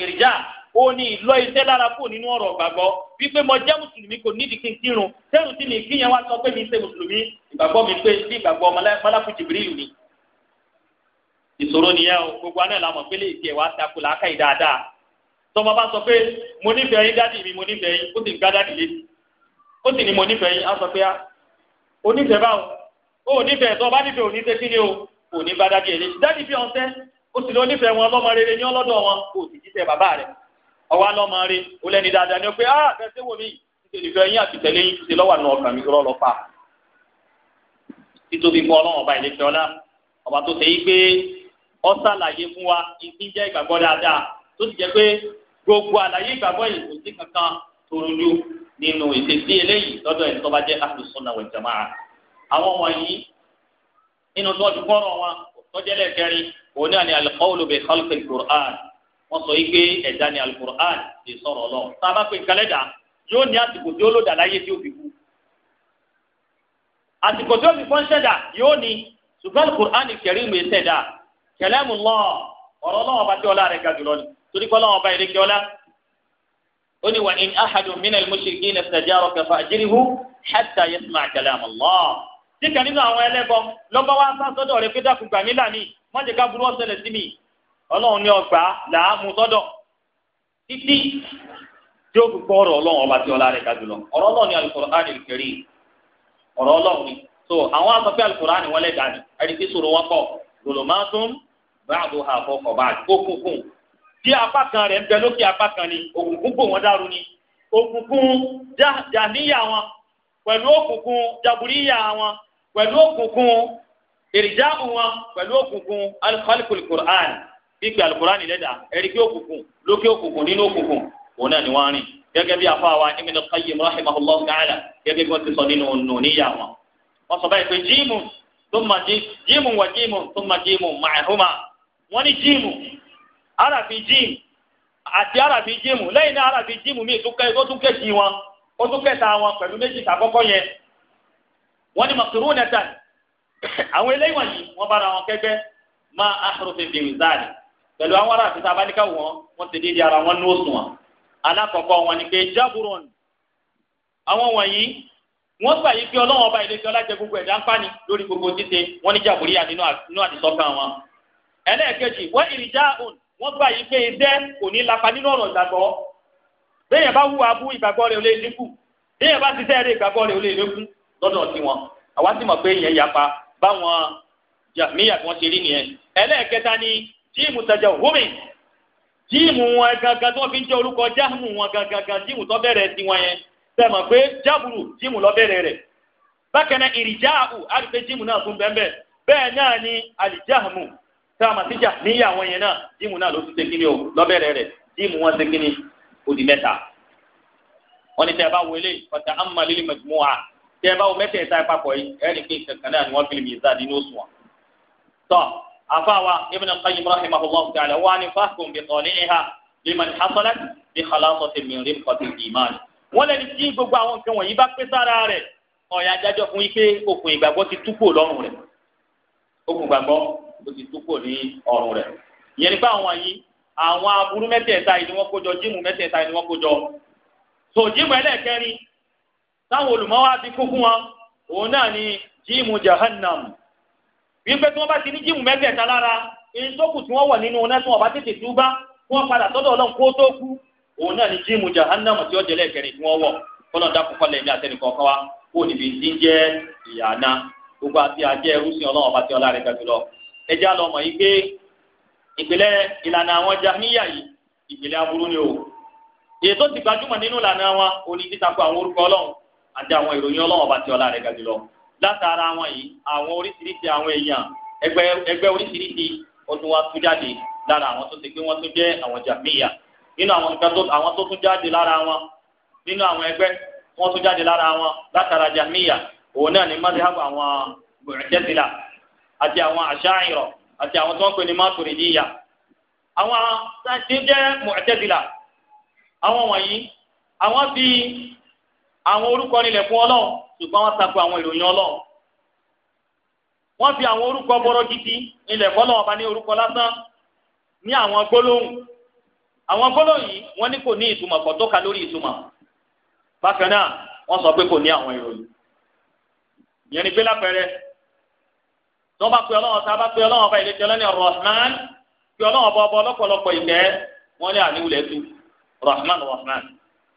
ó ní ìlọ iṣẹ́ lára kù nínú ọ̀rọ̀ gbàgbọ́ wípé mo jẹ́ mùsùlùmí kò nídìí kí n kírun tẹ́rù tí mi kí yẹn wá sọ pé mi ṣe mùsùlùmí ìgbàgbọ́ mi pé sí ìgbàgbọ́ mọ́lákù jìbìrìlù ni. ìṣòro nìyẹn o gbogbo aná ìlànà pélé ìtì ẹ̀ wá sako làákà yìí dáadáa tọmọ bá sọ pé mo nífẹ̀ẹ́ yín dádì mi mo nífẹ̀ẹ́ yín ó sì ń gbá dádì létí ó sì ní mo nífẹ̀ẹ́ yín á sọ pé onífẹ̀ẹ́ báwo ó onífẹ̀ẹ́ tó bá nífẹ̀ẹ́ oníṣẹ́ kí ni o kò ní bá dádì ẹ̀ létí dádì bí ọ̀sẹ̀ ó sì lọ onífẹ̀ẹ́ wọn lọ́mọ rere ní ọlọ́dọ̀ wọn kò sì jíṣẹ́ bàbá rẹ̀ ọwọ́ alọ́mọ rí o lẹ́ni dáadáa ni ó pé ah bẹ́sẹ̀ wò mí nítorí ìfẹ́ yín àti tẹ̀lé yín ti lọ́wọ́ àna ọkàn mi rọ́ lọ pa. títóbi fún ọlọ́run ọba ìlẹ́fẹ́ ọlá ọba tó ṣe yí pé ó ṣàlàyé fún wa ìdí jẹ́ ìgbàgbọ́ dáadáa tó sì jẹ́ pé gbogbo àlàyé ìgbàgbọ́ yìí kò sí kankan tó nínú ìṣesí eléyìí lọ́dọ̀ ẹ̀ tó bá jẹ́ ahlus-sunnah wal jamaa àwọn wọ̀nyí nínú tó ọdún kọ́rọ̀ wọn tó jẹ́ òun náà ni wọ́n sọ yìí pé ẹ̀dá ni alukur'an lè sọ̀rọ̀ lọ tá a bá pè kálẹ́dà yóò ní àsìkò tí ó lò dà láyé tí ó fi kú àsìkò tí ó fi fọ́n ṣẹ̀dá yóò ní ṣùgbọ́n alukur'an kẹrin mi ṣẹ̀dá kẹlẹ́mu lọ ọ̀rọ̀ lọ́wọ́ bá tí ọlá rẹ̀ ga jùlọ ni torí pé ọlọ́wọ́ bá ìrèké ọlá ó ní wa in ahadu minal mushrikin istajaraka fa'jirhu hatta yasma' kalam Allah tí kan nínú àwọn ẹlẹ́bọ lọ́bọ̀ wá sá sọ́dọ̀ rẹ̀ pé dákun gbà ọlọ́run ní ọgbà làámu sọ́dọ̀ títí tí ó fi gbọ́ ọ̀rọ̀ ọlọ́run ọba tí ọlá rẹ̀ ga jùlọ ọ̀rọ̀ ọlọ́run ní Al-Qur'an ọ̀rọ̀ ọlọ́run ni so àwọn asọ̀fẹ́ wọn báàbò òkùnkùn tí apá kan rẹ̀ ń bẹ lókè apá kan ni ni òkùnkùn jàníyà wọn pẹ̀lú òkùnkùn wọn pẹ̀lú òkùnkùn wọn pẹ̀lú òkùnkùn pípẹ́ alukurani lẹ́dà ẹ̀rí kí òkùnkùn lókè òkùnkùn nínú òkùnkùn òun náà ni wọ́n rìn gẹ́gẹ́ bí afáwa Ibn Qayyim rahimahullah ta'ala gẹ́gẹ́ bí wọ́n ti sọ nínú nùníyà wọn. wọ́n sọ báyìí pé jíìmù tó ma jíìmù wà jíìmù tó ma jíìmù màáhùmá wọ́n ní jíìmù arabi jíìmù àti arabi jíìmù lẹ́yìn náà arabi jíìmù míì tó tún kẹ́sì wọn ó tún pẹ̀lú àwọn ará àti tabalíkà wọn wọ́n ti dédé ara wọn ní òṣùwọ̀n alákọ̀ọ́kọ́ wọn ni pé jábúrọ̀n àwọn wọ̀nyí wọ́n gbà yí pé ọlọ́wọ́n ọba ìlẹ́jọ́ lájẹ gbogbo ẹ̀dá ń pani lórí gbogbo títẹ wọ́n ní jàbúríyà nínú àdìsọ́kàn wọn. ẹlẹ́ẹ̀kejì wọ́n ìrìjà òun wọ́n gbà yí pé iṣẹ́ kò ní lapa nínú ọ̀rọ̀ ìgbàgbọ́ bẹ́ẹ̀ bá wúwa bú ìgbàgbọ́ rẹ̀ ò lè dínkù bẹ́ẹ̀ bá ti sẹ́ẹ̀rẹ̀ ìgbàgbọ́ rẹ̀ ò lè lékún lọ́dọ̀ tiwọn àwa sì mọ̀ pé ìyẹn yapa báwọn tíìmù tẹjọ wúmi tíìmù wọn gangan tí wọn fi ń jẹ orúkọ jáàmù wọn gangan tíìmù tó bẹ̀rẹ̀ sí wọn yẹn sẹmọ pé jábùrù tíìmù lọ bẹ̀rẹ̀ rẹ̀ bákan náà ìrìjáàbù àdùpé tíìmù náà tún bẹ́ẹ̀ bẹ́ẹ̀ náà ni àlìjáàmù sẹmọ tíjà níyàwó yẹn náà tíìmù náà ló ti ṣe kíni o lọ bẹ̀rẹ̀ rẹ̀ tíìmù wọn ṣe kíni ó di mẹ́ta wọn ni tẹ ẹ bá wọlé ọ̀tá àmọ́ afawa ibn qayyim rahimahullah ta'ala wa ni fahkum bi taliha liman hasalat bi khalasati min rimqati iman wọ́n lẹ́ni tí gbogbo àwọn nǹkan wọ̀nyí bá pé sára rẹ̀ ọ̀yà adájọ́ fún yí pé okùn ìgbàgbọ́ ti tú kúrò lọ́rùn rẹ̀ okùn ìgbàgbọ́ ló ti tú kúrò ní ọrùn rẹ̀ ìyẹn nípa àwọn yìí àwọn aburú mẹ́tẹ̀ẹ̀ta yìí ni wọ́n kó jọ jíìmù mẹ́tẹ̀ẹ̀ta yìí ni wọ́n kó jọ so jíìmù ẹlẹ́ẹ̀kẹrin táwọn olùmọ́wá ti kú fún wọn òun náà ni jíìmù jahannam wípé tí wọ́n bá ti ní jíìmù mẹ́tẹ̀ẹ̀ta lára èyí tó kù tí wọ́n wọ̀ nínú iná tí wọ́n bá tètè túbá tí wọ́n padà sọ́dọ̀ ọlọ́run kó tó kú òun náà ni jíìmù jahannam tí ó jẹ́ lẹ́ẹ̀kẹrin tí wọ́n wọ̀ kọ́nà dákun kọ́lẹ̀ ní àtẹnìkan kan wá kó níbi tí ń jẹ́ ìyànà gbogbo àti àjẹ́ ẹrúsìn ọlọ́run ọba tí ọlá rẹ̀ gbàgbé ẹ já lọ mọ̀ yìí pé ìpìlẹ̀ ìlànà àwọn jahmiya yìí ìpìlẹ̀ aburú ni o. èyí tó ti gbajúmọ̀ nínú ìlànà wọn òní títakò àwọn orúkọ ọlọ́run àti àwọn ìròyìn ọlọ́run ọba tí ọlá rẹ̀ gbàgbé látara wọn yìí àwọn oríṣiríṣi àwọn èèyàn ẹgbẹ́ ẹgbẹ́ oríṣiríṣi ó tún wá tún jáde lára àwọn tó ti pé wọ́n tún jẹ́ àwọn jàmíyà nínú àwọn nǹkan tó àwọn tó tún jáde lára wọn nínú àwọn ẹgbẹ́ wọ́n tún jáde lára wọn látara jàmíyà òun náà ni mọ́tíhábù àwọn Mu'tazila àti àwọn Asha'ira àti àwọn tó ń pè ní Maturidiyya àwọn tí ó jẹ́ Mu'tazila àwọn wọ̀nyí àwọn fi àwọn orúkọ nílẹ̀ fún Ọlọ́run ṣùgbọ́n wọ́n tako àwọn ìròyìn ọlọ́run wọ́n fi àwọn orúkọ bọ́rọ́ gidi ilẹ̀ fọlọ́wọ́n bá ní orúkọ lásán ní àwọn gbólóhùn àwọn gbólóhùn yìí wọ́n ní kò ní ìtumọ̀ kò tọ́ka lórí ìtumọ̀ bákan náà wọ́n sọ pé kò ní àwọn ìròyìn ìyẹn ni pé lápẹẹrẹ tí bá pe ọlọ́wọ́n tá pe ọlọ́wọ́n bá ilé ọlọ́ni Rahman pe ọlọ́wọ́n bá ọbọ ọlọ́pọ̀lọpọ̀ ìgbẹ́ wọ́n ní àníwulẹ̀ tu Rahman Rahman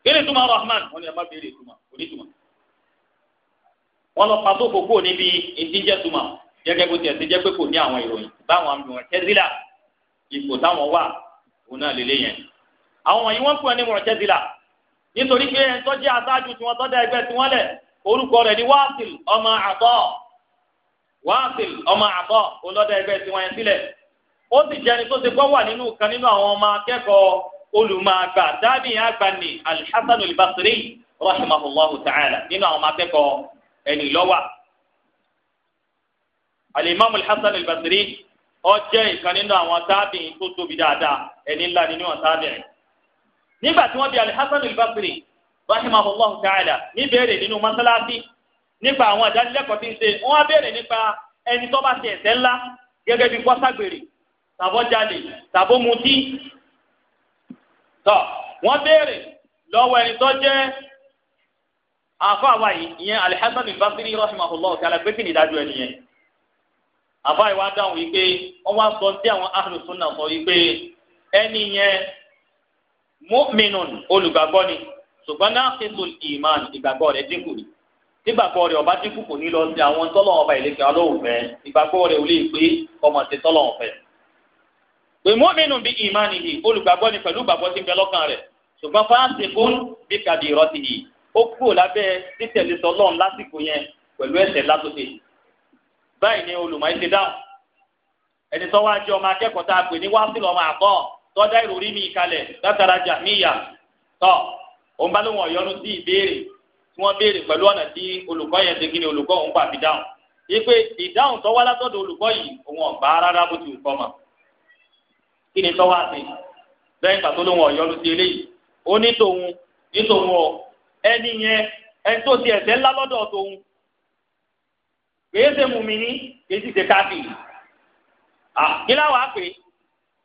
kí ni ìtumọ̀ Rahman wọ́n ní ẹ má béèrè ìtumọ̀ kò ní ìtumọ̀ wọ́n lọ pa sófo kúrò níbi ìdíjẹ́tumọ̀ gẹ́gẹ́ bó tiẹ̀ ti jẹ́ pé kò ní àwọn ìròyìn báwọn àmìwọ̀n tẹ́sílà ipò táwọn wà òun náà lélẹ̀ yẹn. àwọn wọ̀nyí wọ́n ń pè ní mọ̀ràn tẹ́sílà nítorí pé ẹni tó jẹ́ aṣáájú tí wọ́n tọ́jà ẹgbẹ́ tí wọ́n lẹ̀ orúkọ rẹ̀ ni wáàsìl ọmọ àtọ́ wáàsìl ọmọ àtọ́ olọ́dẹ ẹgbẹ́ tí wọ́n yẹn sílẹ̀ ó sì jẹni tó ti gbọ́ wà nínú kan nínú àwọn ọmọ akẹ́kọ̀ọ́ olùmọ̀àgbà dábìyàn àgbà ní alḥasan al-basri ta'ala nínú àwọn ọmọ akẹ́kọ̀ọ́ ẹni lọ́wà. alimami hasan al-basri ó jẹ́ ìkan nínú àwọn tábìrin tó tóbi dáadáa ẹni ńlá nínú àwọn tábìrin. nígbà tí wọ́n bi alhassan al-basri rahimahullah ta'ala níbẹ̀rẹ̀ nínú mọ́sálásí nípa àwọn ìdánilẹ́kọ̀ọ́ tí ń ṣe wọ́n á bẹ̀rẹ̀ nípa ẹni tó bá ṣe ẹ̀ṣẹ̀ ńlá gẹ́gẹ́ bí kọ́sàgbèrè tàbọ̀jalè tàbọ̀mutí. tọ́ wọ́n bẹ̀rẹ̀ lọ́wọ́ ẹni tó jẹ́ àfa wa yìí ìyẹn Al-Hasan al-Basri rahimahullah ta'ala pé kí ni ìdájọ́ ẹ nìyẹn àfa yìí wá dáhùn yìí pé wọ́n wá sọ sí àwọn ahlu sunna sọ yìí pé ẹni yẹn mu'minun olùgbàgbọ́ ni ṣùgbọ́n náà késo ìmán ìgbàgbọ́ rẹ̀ dínkù ni nígbàgbọ́ rẹ̀ ọba dínkù kò ní lọ sí àwọn tọ́lọ̀ ọba ìlẹ́kẹ̀ ọlọ́ọ̀fẹ́ ìgbàgbọ́ rẹ̀ ò lè pé ọmọ ti tọ́lọ̀ ọ̀fẹ́. pé mọ́mínú bí ìmánì yìí olùgbàgbọ́ ni pẹ̀lú ìgbàgbọ́ tí ń bẹ lọ́kàn rẹ̀ ṣùgbọ́n fáṣẹ bí kàdí ìrọ́tì yìí ó kúrò lábẹ́ títẹ̀lé tọlọ́run lásìkò yẹn pẹ̀lú ẹ̀ṣẹ̀ látòkè báyìí ni olùmọ̀ ẹ ti dáhùn ẹni tó wá jẹ́ ọmọ akẹ́kọ̀ọ́ tá a pè ní wásìlì ọmọ àbọ̀ tọ́jà ìròrí mi kalẹ̀ látara jàmíyà tọ́ òun bá ló wọ̀n yọnu sí ìbéèrè tí wọ́n béèrè pẹ̀lú ọ̀nà tí olùkọ́ yẹn ti kíni olùkọ́ òun gbà fi dáhùn ipe ìdáhùn tó wá látọ̀dọ̀ olùkọ́ yìí òun ọ̀gbà rárá bó ti wù kọ́ mọ̀ kí ni tọ́wọ́ àti lẹ́yìn pàtó ló wọ̀n yọnu sí eléyìí ó ní tòun ọ̀ ẹni yẹn ẹni tó ti ẹ̀ṣẹ̀ ńlá lọ́dọ̀ tòun kìí ṣe mùmíní kìí sì ṣe káfíìrì kí láwàá pé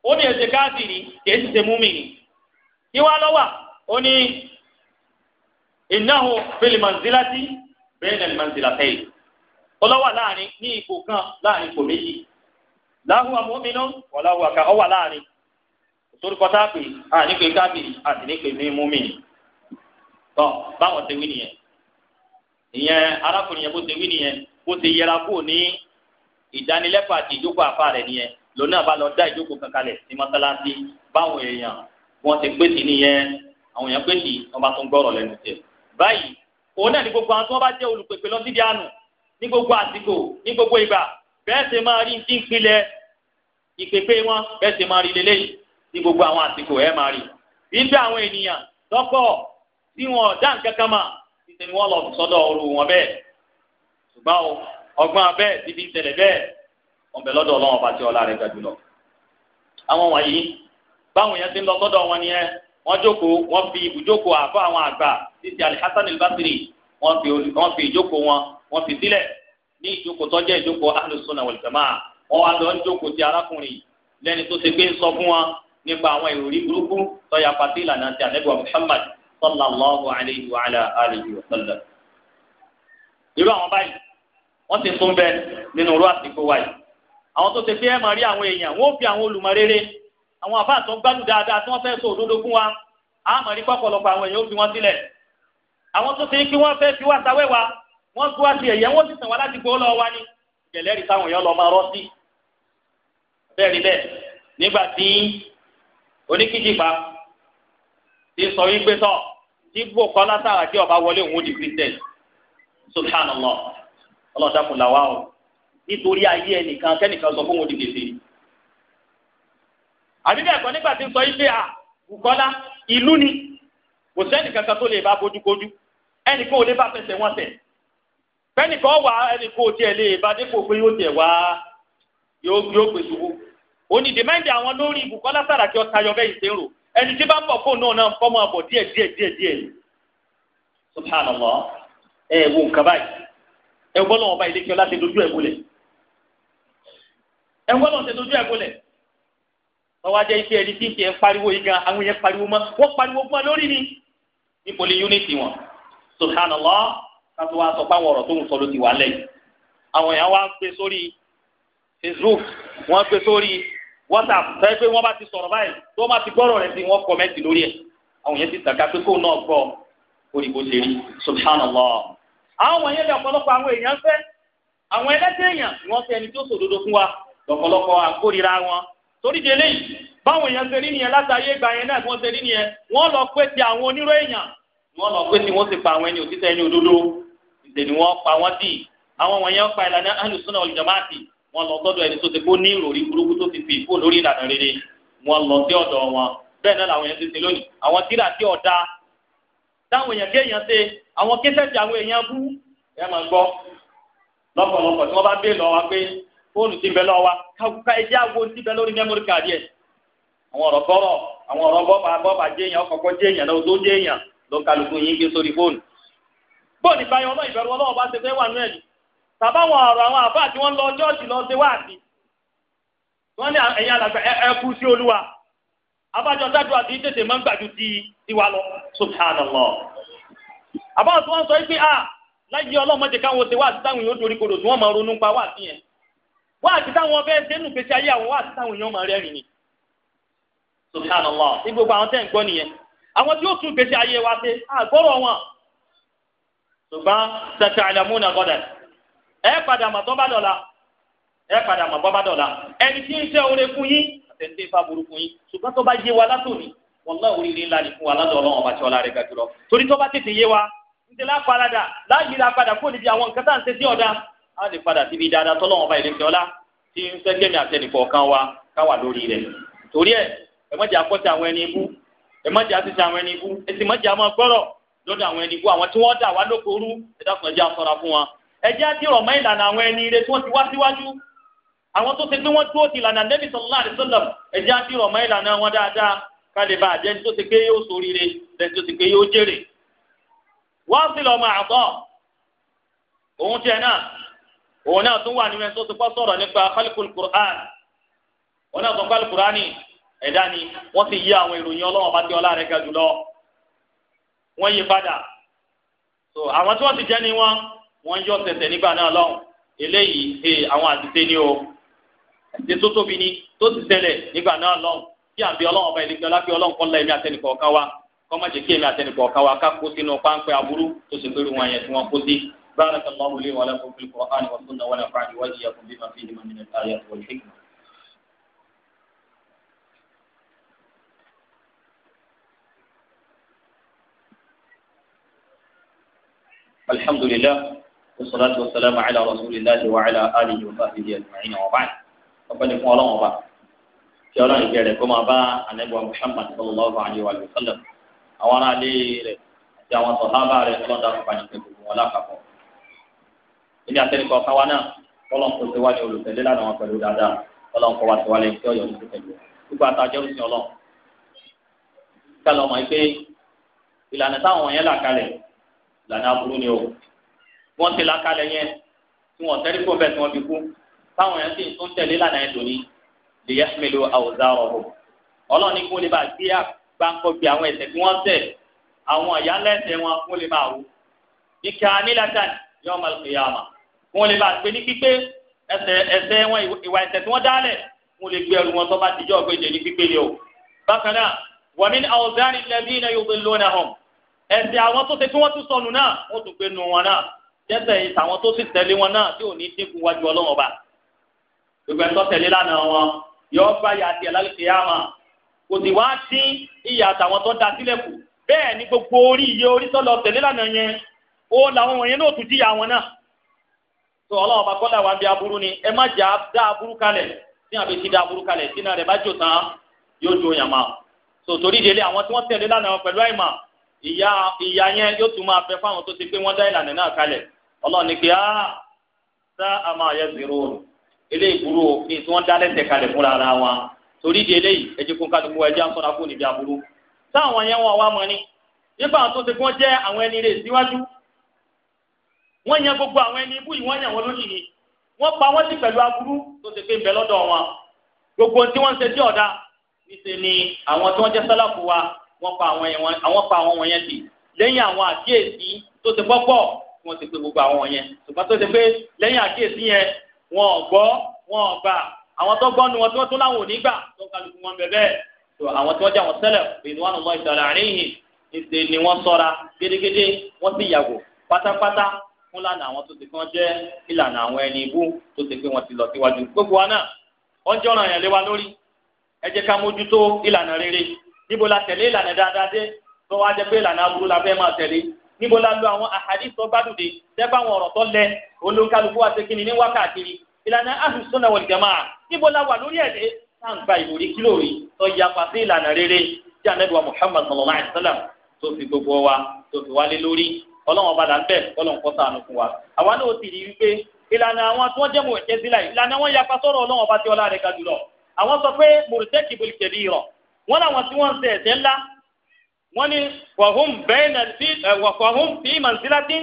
ó ní ẹ̀ṣẹ̀ káfíìrì kìí sì ṣe mùmíní kí wá lọ́wà ó ní innahu fil manzilati bayna al manzilatayn ọlọ́wà láàrin ní ipò kan láàrin ipò méjì láhùn àmúmínú wọ́n láhùn àká ọwà láàrin òtòrúkọ táàpì àníkè káfíìrì àti níkè ní mùmíní tọ́ báwọn ṣe wí nìyẹn ìyẹn arákùnrin yẹn bó ṣe wí nìyẹn bó ṣe yẹra kó ní ìdánilẹ́kọ̀ọ́ àti ìjókòó àfa rẹ̀ nìyẹn lónà bá lọ dá ìjókòó kankan lẹ̀ ní mọ́sálásí báwọn èèyàn wọ́n ti pèsè nìyẹn àwọn èèyàn pèsè wọ́n bá tún gbọ́rọ̀ lẹ́nu tẹ̀. báyìí òun náà ní gbogbo àwọn tí wọ́n bá jẹ́ olùpèpè lọ síbi àánú ní gbogbo àsìkò ní gbogbo ìgbà bẹ́ẹ̀ ṣe máa rí ní ìpìlẹ̀ ìpèpè wọn bẹ́ẹ̀ ṣe máa rí lélẹ́yìn ní gbogbo àwọn àsìkò ẹ̀ máa rí. bí bí àwọn ènìyàn lọ́pọ̀ tí wọn dá nǹkan kan mà níṣẹ́ ni wọ́n lọ sọ́dọ̀ ọrù wọn bẹ́ẹ̀ ṣùgbọ́n ọgbọ́n bẹ́ẹ̀ bíbí ìṣẹ̀lẹ̀ bẹ́ẹ̀ wọn bẹ lọ́dọ̀ ọlọ́wọ́n bá ti ọlá rẹ̀ ga jùlọ. àwọn wọ̀nyí báwọn yẹn ti ń lọ sọ́dọ̀ wọn nìyẹn wọ́n jókòó wọ́n fi ibùjókòó àbọ̀ àwọn àgbà títí Al-Hasan al-Basri wọ́n fi ìjókòó wọn wọ́n fi sílẹ̀ ní ìjókòó tó jẹ́ ìjókòó Ahlus-Sunnah wal wá lọ ń jókòó ti arákùnrin lẹ́ni tó ti gbé ń sọ fún wọn nípa àwọn ìròrí burúkú tó yapa ìlànà ti àdẹ́gbà Muhammad صلى الله عليه وعلى آله wa sallam. irú àwọn báyìí wọ́n ti tún bẹ nínú irú àsìkò wa yìí àwọn tó ti fi ẹ̀ máa rí àwọn èèyàn wọ́n fi àwọn olùmọ̀rere àwọn àbá àtọ́ gbádùn dáadáa tí wọ́n fẹ́ sọ òdodo fún wa á mọ̀ rí pọ̀pọ̀lọpọ̀ àwọn èèyàn ó fi wọ́n sílẹ̀ àwọn tó ti kí wọ́n fẹ́ fi wá sáwẹ́ wa wọ́n wá sí ẹ̀yẹ́ wọ́n sì tàn wá láti gbó lọ́wọ́ wa ni ìjẹ̀lẹ́rì táwọn èèyàn lọ máa rọ́ sí bẹ́ẹ̀ rí bẹ́ẹ̀ nígbà tí oníkíjìpá ti sọ wípé sọ igbó kan látara tí ọba wọlé òun di christian subhanallah ọlọ́dàkùn làwa o nítorí ayé ẹnìkan kẹ́nìkan sọ fún òun di kèsì. àbí bẹ́ẹ̀ kọ́ nígbà tí ń sọ wípé à Bùkọ́lá ìlú ni kò sẹ́ni kankan tó lè bá bójúkójú ẹnìkan ò lè bá fẹsẹ̀ wọn tẹ̀ fẹ́nìkan wà ẹnìkan ò tiẹ̀ lè bá dépò pé yóò tẹ̀ wá yóò gbé ṣubú onídìí mẹ́ndì àwọn lórí Bùkọ́lá Sàràkí ọ̀tayọ̀ ẹni tí bá ń bọ̀ fóònù náà náà kọ́ máa bọ̀ díẹ̀ díẹ̀ díẹ̀ díẹ̀ subhanallah ẹ wo nǹkan báyìí ẹ gbọ́ lọ́wọ́ báyìí lékè ọlá ti dojú ẹ̀ kulẹ̀ ẹ gbọ́ lọ́wọ́ ti dojú ẹ̀ kulẹ̀ ọwọ́ ajẹ́ ife ẹni tí ń fi pariwo yìí gan àwọn yẹn pariwo mọ́ wọ́n pariwo mọ́ lórí ni nípo ní unity wọn subhanallah kátó wa sọ pé àwọn ọ̀rọ̀ tó ń sọ ló ti wà lẹ́yìn àwọn èèyàn wa gbé sórí facebook wọ́n gbé sórí WhatsApp sọ pé wọ́n bá ti sọ̀rọ̀ báyìí tí wọ́n bá ti gbọ́rọ̀ rẹ̀ sí wọ́n kọ́mẹ́ǹtì lórí ẹ̀ àwọn yẹn ti tàka pé kóun náà gbọ́ òyìnbó ṣe rí subhanallah. àwọn wọ̀nyẹn lè ọ̀pọ̀lọpọ̀ àwọn èèyàn fẹ́ àwọn ẹlẹ́sẹ̀ èèyàn ni wọ́n fẹ́ ẹni tó sòdodo fún wa lọ́pọ̀lọpọ̀ àkórira wọn. torí de lẹ́yìn báwọn èèyàn ṣe rí nìyẹn látàyè ìgbà yẹn náà wọ́n ṣe rí nìyẹn wọ́n lọ pé ti àwọn oníró èèyàn wọ́n lọ pé tí wọ́n ti pa àwọn ẹni òtítọ́ ẹni òdodo ìṣèlú wọn pa wọ́n dì àwọn wọ̀nyẹn pa ìlànà ahlus sunnah wal jamaati wọ́n lọ sọ́dọ̀ ẹni tó ti kó ní ìròrí burúkú tó ti fi ìfò lórí ìlànà rere wọ́n lọ sí ọ̀dọ̀ wọn bẹ́ẹ̀ náà làwọn èèyàn ti ṣe lónìí àwọn tíra tí ọ̀dà táwọn èèyàn kéèyàn ṣe àwọn késẹ̀tì àwọn èèyàn bú ẹ máa gbọ́ lọ́pọ̀lọpọ̀ tí wọ́n bá gbé lọ wa pé fóònù ti bẹ lọ wa ká ẹjẹ́ àgbo ti bẹ lórí mẹ́mórì káàdì ẹ̀ àwọn ọ̀rọ̀ kọ́rọ̀ àwọn ọ̀rọ̀ bọ́ba bọ́ba jéèyàn ọkọ̀ọ̀kọ̀ jéèyàn náà tó jéèyàn ló kálukú yín gbé sórí fóònù. bóòlù ìbáyọ̀ ọlọ́ ìbẹ̀rù ọlọ́wọ́ bá ṣe fẹ́ wà nú ẹ̀ tàbáwọn ọ̀rọ̀ àwọn àfáà tí wọ́n lọ jọ́ọ̀sì lọ ṣe wáàdì wọ́n ní ẹ̀yin alàgbà ẹ kú sí olúwa abájọ dájú àti tètè máa ń gbàdú ti tiwa lọ subhanallah àbáwọn tí wọ́n sọ pé a láyé ọlọ́mọdé káwọn ṣe wáàdì táwọn èèyàn dorí kodò tí wọ́n máa ronú pa wáàdì yẹn wáàdì táwọn fẹ́ ṣe nù pèsè ayé àwọn wáàdì táwọn èèyàn máa rẹ́rìn ni subhanallah ní gbogbo àwọn tẹ́ ń gbọ́ nìyẹn àwọn tí ó tún pèsè ayé wa ṣe àgbọ̀rọ̀ wọn ṣùgbọ́n tẹ̀tẹ̀ àlàmúnà gọ́dẹ̀ ẹ padà mọ̀ tọ́ba dọ̀la ẹ padà mọ̀ bọ́ba dọ̀la ẹni tí ń ṣe oore fún yín àtẹ̀ǹtẹ̀ ìfà burúkú yín ṣùgbọ́n tó bá yé wa látòní wọn náà oríire ńlá ni fún wa lọ́dọ̀ ọlọ́run ọba tí ọlá rẹ̀ ga jùlọ torí tó bá tètè yé wa ńṣe lá padà láàyè la padà kó níbi àwọn nǹkan tá à ń ṣe sí ọ̀dà á lè padà síbi dáadáa tọ́lọ́run ọba ìlẹ̀kẹ́ ọlá tí ń fẹ́ gẹ́mi àtẹnìkọ̀ kan wa káwà lórí rẹ̀ torí ẹ ẹ mọ̀jà kọ́sí àwọn ẹni ibú ẹ mọ̀jà sísè àwọn ẹni ibú ẹ ẹjẹ́ àdìrọ̀ mọ́ ìlànà àwọn ẹni ire tí wọ́n ti wá síwájú àwọn tó ṣe pé wọ́n dúró ti ìlànà nẹ́bí sallallahu alaihi wasallam ẹjẹ́ àdìrọ̀ mọ́ ìlànà wọn dáadáa kálí bá àjẹ́ tó ṣe pé yóò ṣoríire lẹ́ni tó ṣe pé yóò jèrè. wọ́n sì lọ mọ àtọ́ òun tiẹ̀ náà òun náà tún wà nínú ẹni tó ti kọ́ sọ̀rọ̀ nípa kálíkùl kùrán òun náà tún kálíkùl kùránì ẹ̀dá ni wọ́n sì yí àwọn ìròyìn ọlọ́wọ́n bá ti ọlá rẹ̀ ga jùlọ wọ́n yí padà àwọn tí wọ́n ti jẹ́ ni wọ́n wọ́n yọ tẹ̀tẹ̀ nígbà náà lọ́hùn eléyìí he àwọn àtìsẹ́ ni o àtìsẹ́ tó tóbi ni tó ti ṣẹlẹ̀ nígbà náà lọ́hùn kí àbí ọlọ́run ọba ìlẹ́gbẹ́ ọlá kí ọlọ́run kọ́ la ẹ̀mí wa kọ́ má jẹ́ kí ẹ̀mí wa ká kó sínú páńpẹ́ aburú tó ṣe péré wọn yẹn tí wọ́n kó sí. بارك الله لي ولكم في القرآن والسنة ونفعني وإياكم بما فيهما من الآيات والحكمة الحمد لله والصلاة والسلام على رسول الله وعلى آله وصحبه أجمعين وبعد فقد يكون الله وبعد kí ọlọ́run ìjẹ rẹ̀ kó máa bá anẹ́gbọ́n muhammad sallallahu alayhi wa sallam àwọn ará ilé rẹ̀ àti àwọn sọ̀hábà rẹ̀ ọlọ́dà fún bàjẹ́ gbogbo wọn lápapọ̀. ilé àtẹnukọ̀ káwa náà kọ́lọ́n kó ti wá ní olùtẹ̀lé lánàá wọn pẹ̀lú dáadáa kọ́lọ́n kó wá ti wá lé tí ọ̀yọ́ ní tẹ̀lé gbogbo àtàjẹ́ òsì ọlọ́ kálọ̀ mọ̀ pé ìlànà táwọn yẹn là kalẹ̀ ìlànà aburú ni o wọ́n ti làkàlẹ̀ yẹn tí wọ́n tẹ́lẹ̀ fún bẹ́ẹ̀ tí wọ́n fi kú táwọn yẹn sì ń tún tẹ̀lé lànà ẹ̀ lónìí lè yẹ mélòó àwòzá ọ̀hún ọlọ́ọ̀ni kún lè bá gbé àgbáńkọ́ gbé àwọn ẹ̀ṣẹ̀ tí wọ́n tẹ̀ àwọn ìyálẹ̀ẹ̀ṣẹ̀ wọn kún lè bá wò ìkà nílàtàn yọ̀ọ́ màlùkìyàmà kún lè bá gbé ní pípé ẹ̀ṣẹ̀ ẹ̀ṣẹ̀ wọn ìwà ẹ̀ṣẹ̀ tí wọ́n dálẹ̀ kún lè gbé ẹrù wọn tó bá tijọ́ gbèjè ní pípé ni o bákan náà wà mí àwòzá jẹ́sẹ̀ yìí tàwọn tó sì tẹ̀lé wọn náà tí ò ní dínkù wájú ọlọ́run ọba gbogbo ẹ̀ tó tẹ̀lé lánàá wọn yọ bá yà tiẹ̀ lálùkè yá wọn kò sì wá sí ìyà àtàwọn tó da sílẹ̀ kù bẹ́ẹ̀ ni gbogbo orí iye orí tó lọ tẹ̀lé lánàá yẹn ó làwọn wọ̀nyẹn náà tún jìyà wọn náà tó ọlọ́run ọba kọ́lá wa bí aburú ni ẹ má jà dá aburú kalẹ̀ tí àbí ti dá aburú kalẹ̀ sínú rẹ̀ bá jò tán yóò jó yàn máa so torí délé àwọn tí wọ́n tẹ̀lé lánàá pẹ̀lú àìmọ̀ ìyà ìyà yẹn yóò tún máa bẹ fáwọn tó ti pé wọ́n dá ìlànà náà kalẹ̀ ọlọ́run ní pé á sá àmà ayé zero ilé ìgbúrò ní tí wọ́n dá lẹ́sẹ̀ kalẹ̀ fúnra ara wọn torí di eléyìí ẹjẹ́ kó kálukú ẹjẹ́ àsọ̀rọ̀ kó níbi àbúrú táwọn yẹn wọn wá mọ́ ni nípa àwọn tó ti kún jẹ́ àwọn ẹni rè síwájú wọ́n yẹn gbogbo àwọn ẹni ibú yìí wọ́n yàn wọ́n lónìí wọ́n pa wọ́n sí pẹ̀lú aburú tó ti pé ń bẹ lọ́dọ̀ wọn gbogbo tí wọ́n ṣe tí ọ̀dà níṣẹ́ ni àwọn tí wọ́n jẹ́ sálàfù wa wọ́n pa àwọn yẹn wọ́n pa àwọn wọ̀nyẹn tì lẹ́yìn àwọn àkíyèsí tó ti pọ́pọ̀ wọ́n ti pé gbogbo àwọn yẹn ṣùgbọ́n tó ṣe pé lẹ́yìn àkíyèsí yẹn wọn ò gbọ́ wọn ò gbà àwọn tó gbọ́nu wọn tí wọ́n tún láwọn ò ní gbà tó ń kálukú wọn bẹ̀bẹ̀ tó àwọn tí wọ́n jẹ́ àwọn sẹ́lẹ̀ ìdíwọ́n lọ ìṣẹ̀lẹ̀ àríyìn ìṣe ni wọ́n sọ́ra gédégédé wọ́n sì yàgò pátápátá fún lànà àwọn tó ti kàn jẹ́ ìlànà àwọn ẹni ibú tó ti pé wọ́n ti lọ síwájú gbogbo wa náà wọ́n jọ̀ràn èèyàn lé wa lórí ẹ jẹ́ ká mójútó ìlànà rere níbo la tẹ̀lé ìlànà dáadáa dé níbo la lo àwọn àhàdí tó gbádùn dé dẹ́gbà àwọn ọ̀rọ̀ tó lẹ olóńkálukú wa ṣe kí ni ní wákàtí ìlànà ahlùsọ́nà wal jamaa níbo la wà lórí ẹ̀dẹ́ tá à ń gba ìwòrí kílò rí tó yapa sí ìlànà rere tí ànábì wa Muhammad sallallahu alayhi wa sallam tó fi gbogbo wa tó fi wálé lórí ọlọ́run ọba là ń bẹ̀ ọlọ́run kọ́ sànù fún wa àwa náà ti rí wípé ìlànà àwọn tí wọ́n jẹ́ mọ̀ọ́tẹ́ sílá ìlànà wọ́n ní wàhùn fí mànzílátì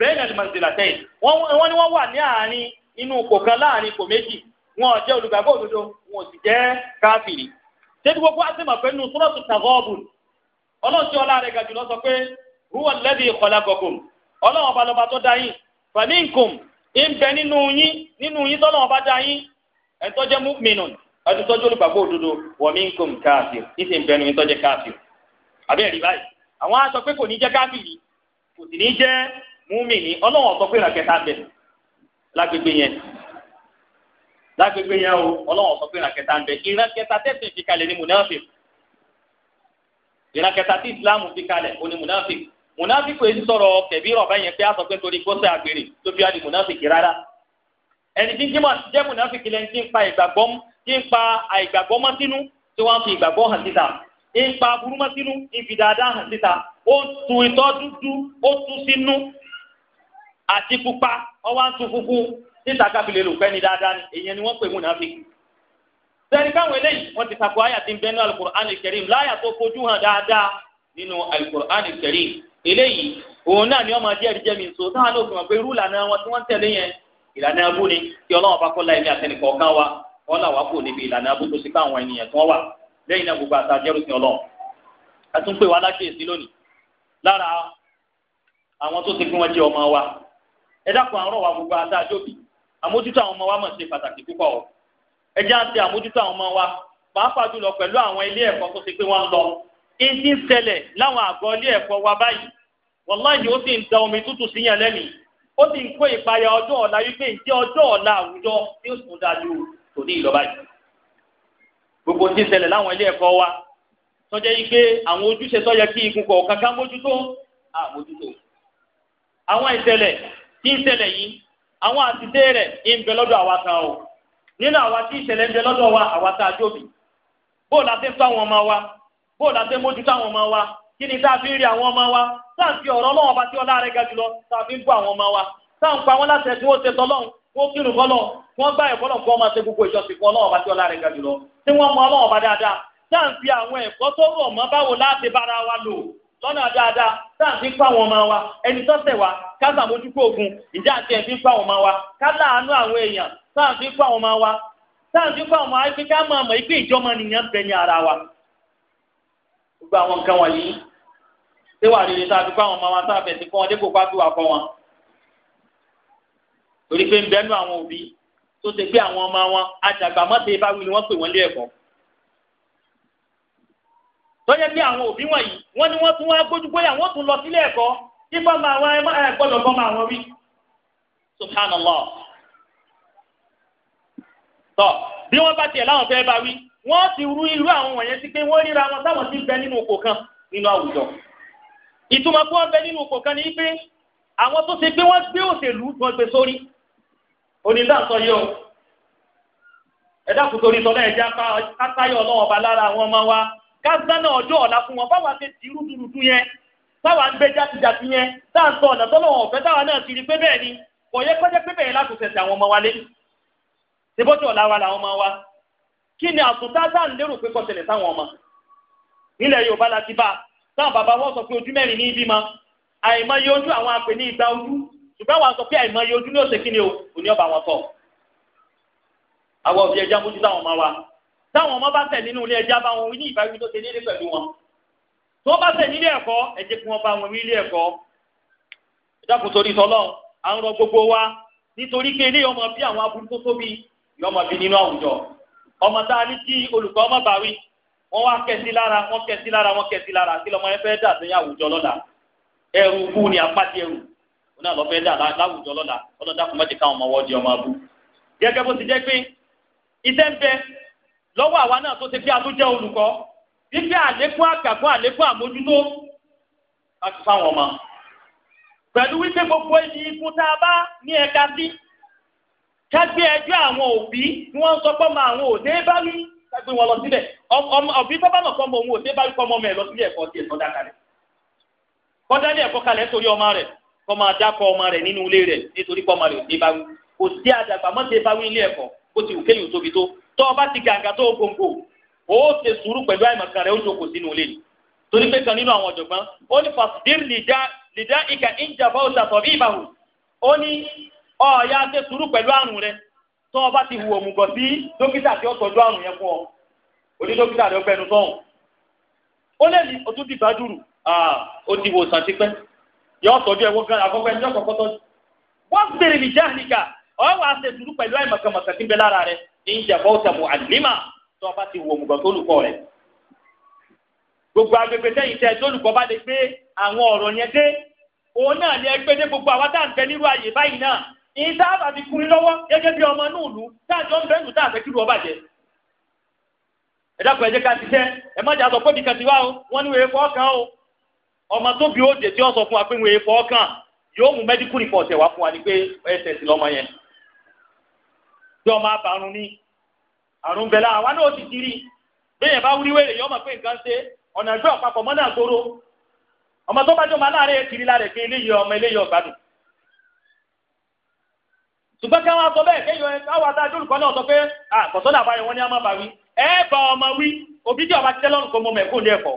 bẹ́ẹ̀nẹ̀lì mànzílátì wọ́n ní wọ́n wà ní àárín inú ipò kan láàárín ipò méjì wọn ò jẹ́ olùgbàgbọ́ òdodo wọn ò sì jẹ́ káfìrí. débi gbogbo àtìmọ̀ pé nínú sọ́rọ́sì tàgọ́ọ̀bùn ọlọ́run tí ọlá rẹ̀ ga jùlọ sọ pé huwa alladhi khalaqakum ọlọ́run ọba lọ́ba tó dá yín faminkum ń bẹ nínú yín nínú yín tọ́lọ́run ọba dá yín ẹ̀ńtọ́jẹ́ mu'minun ẹ̀ńtọ́jẹ́ olùgbàgbọ́ òdodo wa minkum káfìrí ní ti ń bẹ nínú yín tọ́jẹ́ abẹ́ rí báyìí àwọn á sọ pé kò ní jẹ́ káfíìrì kò sì ní jẹ́ múmìnì ọlọ́wọ́n sọ pé ràkẹ́tà bẹ̀ lágbègbè yẹn lágbègbè yẹn o ọlọ́wọ́n sọ pé ràkẹ́tà bẹ̀ ìran kẹta tẹ̀sán fi kalẹ̀ ní munafik ìran kẹta tí ìsìláàmù fi kalẹ̀ ó ní munafik munafik kò èyí sọ̀rọ̀ kẹ̀bí rọ̀bá yẹn pé á sọ pé torí gbọ́sẹ̀ àgbèrè tó fi á di munafik rárá ẹni tí jimá jẹ́ munafik lẹ́ni tí ń pa ìgbàgbọ́ tí ń pa àìgbàgbọ́ mọ́ sínú tí wọ́n fi ìgbàgbọ́ hàn síta ịkpa burúkú sínú ìfìdàdà hàn síta ó tu ìtọ́ otu ó tu sínú àti pupa ọwọ́ à ń tu funfun títa lò fẹ́ ni dáadáa ni èyàn ni wọ́n pè múnàfíkì. sẹ́ni káwọn eléyìí wọ́n ti sàkó àyà tí ń bẹ́nu alukur'an kẹrìm láyà tó fojú hàn dáadáa nínú eléyìí òun náà ni jẹ́mi nso táwọn náà fi hàn pé irú ìlànà wọn tí wọ́n tẹ̀lé yẹn ìlànà abú ni kí ọlọ́wọ́n bá kọ́ láì ní wa lẹ́yìn náà gbogbo àtàjẹrù sí Ọlọ́run a tún pè wá lákèésí lónìí lára àwọn tó ti fi wọn jẹ ọmọ wa ẹ dákun àárọ̀ gbogbo àmójútó àwọn ọmọ wa mọ̀ ṣe pàtàkì púpọ̀ o ẹ àmójútó àwọn ọmọ wa pàápàá jùlọ pẹ̀lú àwọn ilé lọ ń ṣẹlẹ̀ láwọn àgọ́ ilé wa báyìí ó ń omi tútù sí yẹn lẹ́mìí ó ń kó ìpayà ọjọ́ ọ̀la ọjọ́ ọ̀la àwùjọ tí ó sùn dájú tòní gbogbo tí ń láwọn ilé ẹ̀kọ́ wa sọ yìí pé àwọn ojúṣe sọ ya kí igun kọ̀ọ̀kan ká mójútó àwọn tí ń àwọn rẹ̀ ń bẹ o nínú àwa tí wa àwa tá a jóbi bó la ti ń àwọn ọmọ wa bó mójútó ọmọ wa kí ni tá a fi ń àwọn ọmọ wa tá fi ọ̀rọ̀ ọlọ́wọ́n bá wọ́n gbá ẹ̀kọ́ náà kí wọ́n máa ṣe gbogbo ìjọsìn fún ọlọ́run ọba tí ọlá rẹ̀ ga jùlọ tí wọ́n mọ ọlọ́run ọba dáadáa tá à ń fi àwọn ẹ̀kọ́ tó rọ̀ mọ́ báwo láti bára wa lò lọ́nà dáadáa tá à ń fi ń pa àwọn ọmọ wa ẹni tọ́sẹ̀ wa ká sàmójúkú ogun ìjà àti ẹ̀ fi ń pa àwọn ọmọ wa ká láàánú àwọn èèyàn tá à ń fi ń pa àwọn ọmọ wa tá à ń fi ń pa àwọn ọmọ wa ká máa mọ̀ pé ìjọmọ nìyẹn bẹ ní ara wa. gbogbo àwọn nǹkan wọ̀nyí ṣé wà rere tá a fi pa àwọn ọmọ wa tá a fẹ̀sìn torí pé ń bẹ́nu àwọn òbí tó ṣe pé àwọn ọmọ wọn àjàgbàmọ́tẹ́ ìbáwí ni wọ́n pè wọ́n lé ẹ̀kọ́ tọ́jà pé àwọn òbí wọ̀nyí wọ́n ní wọ́n tún wá gbójú bóyá wọ́n tún lọ sílé ẹ̀kọ́ kí bọ́mọ àwọn ẹ̀ gbọ́dọ̀ bọ́mọ àwọn wí. subhanallah tọ́ bí wọ́n bá tiẹ̀ láwọn fẹ́ bá wí wọ́n ti rú irú àwọn wọ̀nyẹn sí pé wọ́n ríra wọn táwọn ti bẹ nínú oko kan nínú àwùjọ. ìtumọ̀ pé wọ́n bẹ nínú oko kan ni pé àwọn tó ṣe pé wọ́n gbé òṣèlú wọn gbé sórí onídàásọ yìí o ẹ̀dá kùtò orí sọ́lá ẹ̀já kátáyọ̀ ọlọ́wọ́ ọba lára àwọn ọmọ wa káṣá náà ọjọ́ ọ̀la fún wọn báwa ṣe ti rúdurùdu yẹn báwa ń gbé jákèjádé yẹn táǹtọ̀ ọ̀nà tọ́lọ́wọ́ ọ̀fẹ́ táwa náà ti rí pé bẹ́ẹ̀ ni kò yẹ pẹ́jẹ́ pé bẹ́ẹ̀ láti ṣẹ̀ṣẹ̀ àwọn ọmọ wa lé ṣèbọ́jọ́ ọ̀la wa làwọn ọmọ wa kí ni àtúntà táà ń lérò pé kò ṣẹlẹ̀ ọmọ nílẹ̀ Yorùbá la ti bá táwọn bàbá wọn sọ pé ojú mẹ́rin ní ibi mọ àìmọye ojú àwọn àpè ní ìgbà ojú ṣùgbọ́n àwọn sọ pé àìmọ iye ojú ní òsè kí ni o òní ọba wọn tọ àwọn òbí ẹja mójú táwọn ọmọ wa táwọn ọmọ bá tẹ̀ nínú ilé ẹja bá wọn ní ìbáwí tó ṣe nílé pẹ̀lú wọn tó bá tẹ̀ nílé ẹ̀kọ́ ẹ jẹ́ kí wọ́n bá wọn nílé ẹ̀kọ́ ìdákùn torí tọ́lọ́ à ń rọ gbogbo wa nítorí pé ilé ọmọ bí àwọn aburú tó tóbi yọmọ bí nínú àwùjọ ọmọ tá a ní tí olùkọ́ ọmọ bá wí wọ́n wá kẹsí lára wọ́n kẹsí lára wọ́n kẹsí lára kí lọ́mọ yẹn fẹ́ dà sí àwùjọ lọ́la ẹrù kú ni apá ti ẹrù náà lọ́fẹ́ dà láwùjọ lọ́la ọlọ́dà kò má jẹ́ káwọn ọmọ wọ́ọ́ di ọmọ abú. gẹ́gẹ́ bó ti jẹ́ pé iṣẹ́ ń bẹ lọ́wọ́ àwa náà tó ti fi abú jẹ́ olùkọ́ fífi àlékún àkàkún àlékún àmójútó láti fáwọn ọmọ. pẹ̀lú wípé gbogbo ikú tá a bá ní ẹ̀ka sí kágbé ẹjọ́ àwọn òbí tí wọ́n ń sọ pé ọmọ àwọn òde bá rí kágbé wọn lọ síbẹ̀ òbí tó bá mọ̀ pọ́ ọmọ òun òde bá rí pọ́ ọmọ mẹ́ lọ sílé ẹ̀kọ́ tiẹ̀ tó dá kọ́ dá ẹ̀kọ́ kalẹ̀ torí ọmọ rẹ̀ kọ́ máa dákọ̀ ọmọ rẹ̀ nínú ilé rẹ̀ nítorí pé ọmọ rẹ̀ ò dé báwí kò sí àdàgbà mọ́ ṣe báwí ilé ẹ̀kọ́ kó ti òkè yòó tóbi tó tọ́ ọba ti gàǹgà tó gbòǹgbò ó ṣe sùúrù pẹ̀lú àìmọ̀kan rẹ̀ ó jókòó sínú ilé ni torí pé kan nínú àwọn ọ̀jọ̀gbọ́n ó ní fàṣídìr lìdá ìkà ìjàmbá ó ṣàtọ̀ bí ìbàwò ó ní ọ̀ọ́yá ṣe sùúrù pẹ̀lú àrùn rẹ̀ tọ́ ọba ti hu òmùgọ̀ sí dókítà tí ó tọ́jú àrùn yẹn fún ọ oní dókítà rẹ̀ ó fẹnu sọ́hùn ó lè ní ojú ti bá dùrù ó ti wò sàn ti pẹ́ yọ sọjú ẹwọ gan àkọ́kọ́ ẹjọ kọ́kọ́ tọjú wọn bèrè ní jáàníkà ọwọ àṣẹ dúró pẹ̀lú àìmọkànmọkà tí ń bẹ lára rẹ níjà bọ́ọ̀tà mu àlímà tó ọba ti wọ mùgbà tó lùkọ rẹ gbogbo agbègbè tẹ̀yìn tẹ tó lùkọ bá lè gbé àwọn ọ̀rọ̀ yẹn dé òun náà ni ẹgbẹ́ dé gbogbo àwa tá à ń bẹ nírú àyè báyìí náà ìta àbàbí kúrin lọ́wọ́ gẹ́gẹ́ bí ọmọ náà lù táàjọ ń bẹ́nu táàfẹ́ kí lù ọ bàjẹ́ ẹ dákun ẹ jẹ́ ká ti tẹ́ ẹ má jà sọ pé bìkan ti wá o wọ́n ní wèé fọ́ kan o ọmọ tó bí ó tí ó sọ fún wa pé wọ́n fọ́ kàn yóò mú medical report ẹ̀ wá fún wa ni pé ẹsẹ̀ sí lọ́mọ yẹn tí ọmọ abàrún ní àrùn bẹ̀là àwa náà ti kiri bẹ́ẹ̀ bá wúrí wẹ̀rẹ̀ yọ ọmọ pé nǹkan ṣe ọ̀nà ìgbẹ́ ọ̀pápọ̀ mọ́ náà gbóró ọmọ tó bá jọmọ aláàárẹ̀ kiri lára pé eléyìí ọmọ eléyìí ọ̀gbádùn ṣùgbọ́n kí wọ́n sọ bẹ́ẹ̀ kéèyàn ẹ káwọn adájọ́ olùkọ́ náà sọ pé àkọ́sọ́nà àbáyọ wọn ni a máa bá wí ẹ bá ọmọ wí òbí tí ọba ti tẹ́lọ́rùn kó mọ mẹ́kó ní ẹ̀kọ́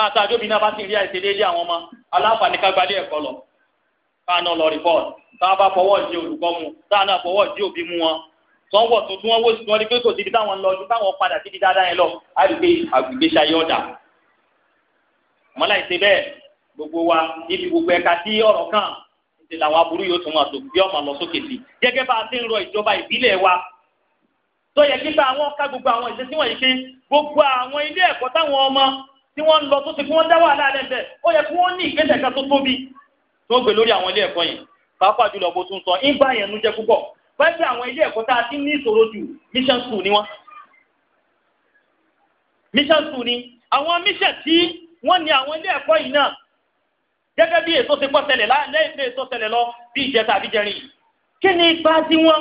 táàtà àjọbí náà bá ti rí àìsè déédéé àwọn ọmọ aláǹfààní ká gbalé ẹ̀kọ́ lọ káàná lọ rìpọ́ọ̀tì táà bá fọwọ́ di olùkọ́ mu táà náà fọwọ́ di òbí mu wọn tọ́ wọ̀ tuntun wọn wó sí wọn rí pé kò síbi táwọn ń lọ ju táwọn padà síbi dáadáa yẹn lọ á rí pé àgbègbè ṣayé ọ̀dà mọ́lá ìṣe bẹ́ẹ̀ gbogbo wa ibi gbogbo ẹ̀ka sí ọ̀rọ̀ kan ti làwọn aburú yóò tún máa tó bí ọmọ lọ sókè sí gẹ́gẹ́ bá a ti ń rọ ìjọba ìbílẹ̀ wa tó yẹ kí bá àwọn ká gbogbo àwọn ìṣesí wọ̀nyí pé gbogbo àwọn ilé ẹ̀kọ́ táwọn ọmọ tí wọ́n ń lọ tó ti kí wọ́n dá wàhálà rẹ̀ bẹ́ẹ̀ ó yẹ kí wọ́n ní ìgbésẹ̀ kan tó tóbi tó gbé lórí àwọn ilé ẹ̀kọ́ yẹn pàápàá jùlọ bó tún sọ ìgbà yẹn nu jẹ́ púpọ̀ pẹ́ẹ́sì àwọn ilé ẹ̀kọ́ tá a ti ní ìṣòro jù mission school ni wọ́n mission school ni àwọn mission tí wọ́n ní àwọn ilé ẹ̀kọ́ yìí náà gẹ́gẹ́ bí èso ti pọ̀ tẹ̀lẹ̀ lẹ́yìn èso tẹ̀lẹ̀ lọ bí ìjẹta ni ipa tí wọ́n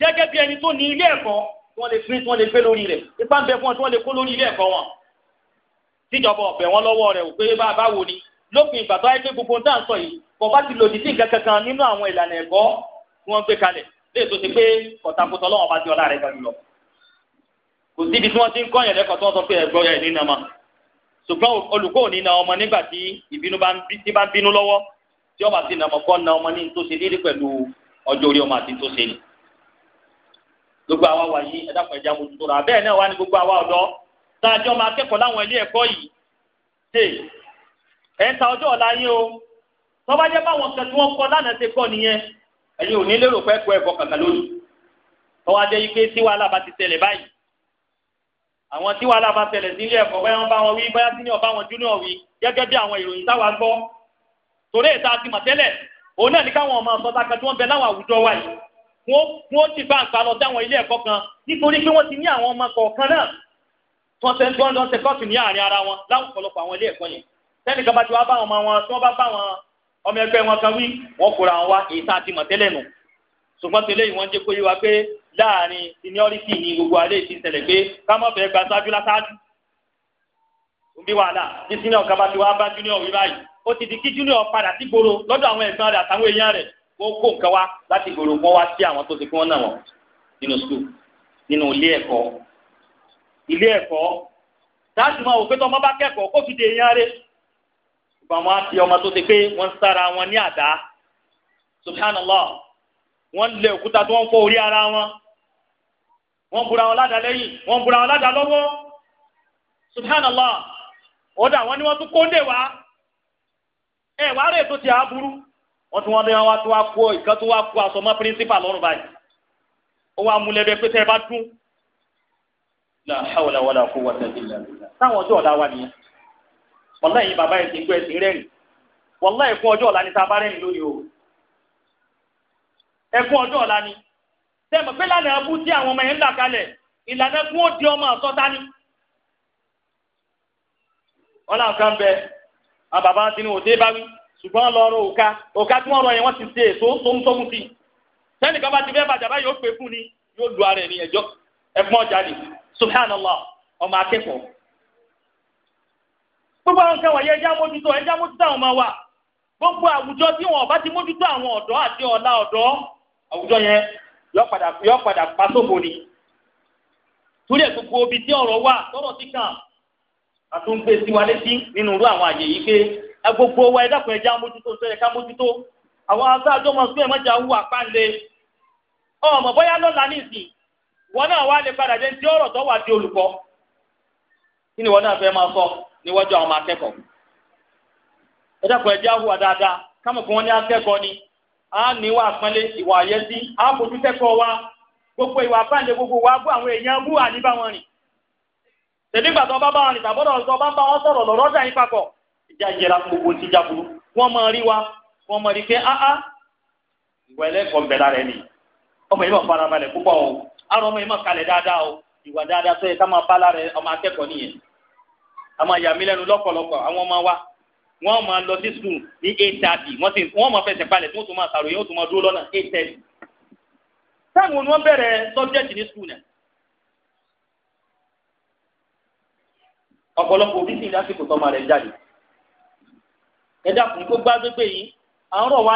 gẹ́gẹ́ bí ẹni tó ní ilé ẹ̀kọ́ wọ́n lè pín tí wọ́n tíjọba ọ̀bẹ wọn lọ́wọ́ rẹ̀ ò pé bàbá wo ni lópin ìgbà tó wáyé pé gbogbo tá à ń sọ yìí bọ̀bá ti lòdì sí nǹkan kankan nínú àwọn ìlànà ẹ̀kọ́ tí wọ́n gbé kalẹ̀ lè tó ti pé kọ̀tàkùtọ̀ lọ́wọ́ bá ti ọlá rẹ̀ ga jùlọ. kò síbi tí wọ́n ti ń kọ́ yẹn lẹ́kọ̀ọ́ tí wọ́n sọ pé ẹ̀gbọ́n yẹn ní nàmọ́ ṣùgbọ́n olùkọ́ ò ní na ọmọ nígbà tí ìbínú bá ń bínú lọ́wọ́ tí ọba ti nàmọ́ kọ́ na ọmọ ní tó ṣe déédéé pẹ̀lú ọjọ́ orí ọmọ àti tó ṣe ni. gbogbo tàjọ máa kẹ́kọ̀ọ́ láwọn ilé ẹ̀kọ́ yìí ṣe ẹ̀ ń ta ọjọ́ ọ̀la yín o tó bá jẹ́ báwọn kan tí wọ́n kọ́ lánàá ṣe kọ́ nìyẹn ẹ̀yin ò ní lérò pé ẹ̀kọ́ ẹ̀kọ́ kàkà lónìí tọ́wọ́ adé yìí pé tí wàhálà bá ti tẹ̀lẹ̀ báyìí àwọn tí wàhálà bá tẹ̀lẹ̀ sí ilé ẹ̀kọ́ báyọ̀ bá wọn wí báyà sí ní ọ̀bá wọn júnior wí gẹ́gẹ́ bí àwọn ìròyìn táwa gbọ́ wa yìí wọ́n ti bá àgbà lọ sí àwọn ilé ẹ̀kọ́ kan nítorí pé tó ń ṣe tó ń lọ ṣe kọ́ọ̀tù ní àárín ara wọn láwọn ọ̀pọ̀lọpọ̀ àwọn ilé ẹ̀kọ́ yẹn sẹ́ni kan bá ti wá bá wọn wọn tí wọ́n bá bá wọn ọmọ ẹgbẹ́ wọn kan wí wọ́n kóra wọn wá èyí tá a ti mọ̀ tẹ́lẹ̀ nù ṣùgbọ́n tẹ́lẹ̀ yìí wọ́n jẹ́ kó yé wa pé láàrin seniority ni gbogbo alẹ́ ti ṣẹlẹ̀ pé ká má fẹ́ gba ṣáájú láṣáájú bí wàhálà ní senior kan bá ti wá bá junior wí báyìí ó ti di kí junior padà sí gbòòrò lọ́dọ̀ àwọn ẹ̀gbọ́n rẹ̀ àtàwọn èèyàn rẹ̀ kó kó nǹkan wá láti gbòòrò wọn wá sí àwọn tó ti kí wọ́n náà wọ̀ nínú school nínú ilé ẹ̀kọ́ ilé ẹ̀kọ́ láti máa wò pé tọmọ bá kẹ́kọ̀ọ́ kó fi dè yán rẹ̀ wọn ọmọ tó ti pé wọn sára wọn ní àdá subhanallah wọn lé òkúta tí wọ́n orí ara wọn wọn wọn ládàá lẹ́yìn wọn ládàá lọ́wọ́ subhanallah wọn ni tún wá wá wọ́n tún wọn wá kó ìkan wá kó píríncípà báyìí ó wá pé la hawla wala quwwata illa billah táwọn ọjọ́ ọ̀la wa nìyẹn wàlá yìí bàbá yìí ti gbọ́ ẹ̀sìn rẹ́rìn wàlá ẹ̀kún ọjọ́ ọ̀la ni tá a bá rẹ́rìn lónìí o ẹ̀kún ọjọ́ ọ̀la ni tẹ́mọ̀ pé lánàá abú tí àwọn ọmọ yẹn ń là kalẹ̀ ìlànà kún ó di ọmọ àsọta ni wọn náà kàn bẹ àwọn bàbá ti ní òde báwí ṣùgbọ́n lọ́rọ̀ òka òka tí wọ́n rọ yẹn wọ́n ti ṣe èso tó ń tóun sí sẹ́nìkan bá ti fẹ́ bàjẹ́ báyìí ó pè fún ni yóò lu ara ẹ̀ ní ẹjọ́ ẹ̀fọn ọjà ni subhanallah ọmọ akẹ́kọ̀ọ́ gbogbo àwọn nǹkan wọ̀nyí ẹja mójútó ẹja mójútó àwọn ọmọ wa gbogbo àwùjọ tí wọn ọba ti mójútó àwọn ọdọ àti ọla ọdọ àwùjọ yẹn yọ padà yọ padà pa sófo ni torí gbogbo tí ọrọ wà ti kàn létí nínú irú àwọn àyè yìí gbogbo wa ẹ dákun ẹja mójútó sọ mójútó àwọn aṣáájú ọmọ ẹ mọjà wù ọmọ ní ìsìn wọn náà wá lè padà jẹ tí ọ̀rọ̀ tó wà di olùkọ́ kí ni wọn náà fẹ́ máa sọ níwájú àwọn akẹ́kọ̀ọ́ ẹ dákun ẹjẹ́ àhùwà dáadáa kámọ̀ kí wọ́n ní akẹ́kọ̀ọ́ ni a na wà ìwà a wa gbogbo ìwà pàǹdé gbogbo wa bú àwọn èèyàn bú àníbá wọn rìn tẹ̀lé ìgbà bá bá wọn rìn tàbọ́dọ̀ tó bá bá wọn sọ̀rọ̀ lọ́rọ́ dà yín papọ̀ ìjà ìjẹra gbogbo ti jà burú wọ́n máa rí wa wọ́n máa rí pé áá ìwà ẹlẹ́kọ̀ọ́ àrùn ọmọ yìí mọ̀ kalẹ̀ dáadáa o ìwà dáadáa tó yẹ ká máa bá lára ọmọ akẹ́kọ̀ọ́ nìyẹn àmọ́ ìyá mi lẹ́nu lọ́pọ̀lọpọ̀ àwọn ọmọ wa wọ́n máa lọ sí skul ní eight thirty wọ́n sì wọ́n máa fẹsẹ̀ palẹ̀ tí wọ́n tún máa sàròyé wọ́n tún máa dúró lọ́nà eight thirty táwọn ni wọ́n bẹ̀rẹ̀ subject ní skul náà ọ̀pọ̀lọpọ̀ òbí sì ń lásìkò tọ́mọ rẹ̀ jáde ẹ dákun kó gbá gbégbé yìí à ń rọ̀ wá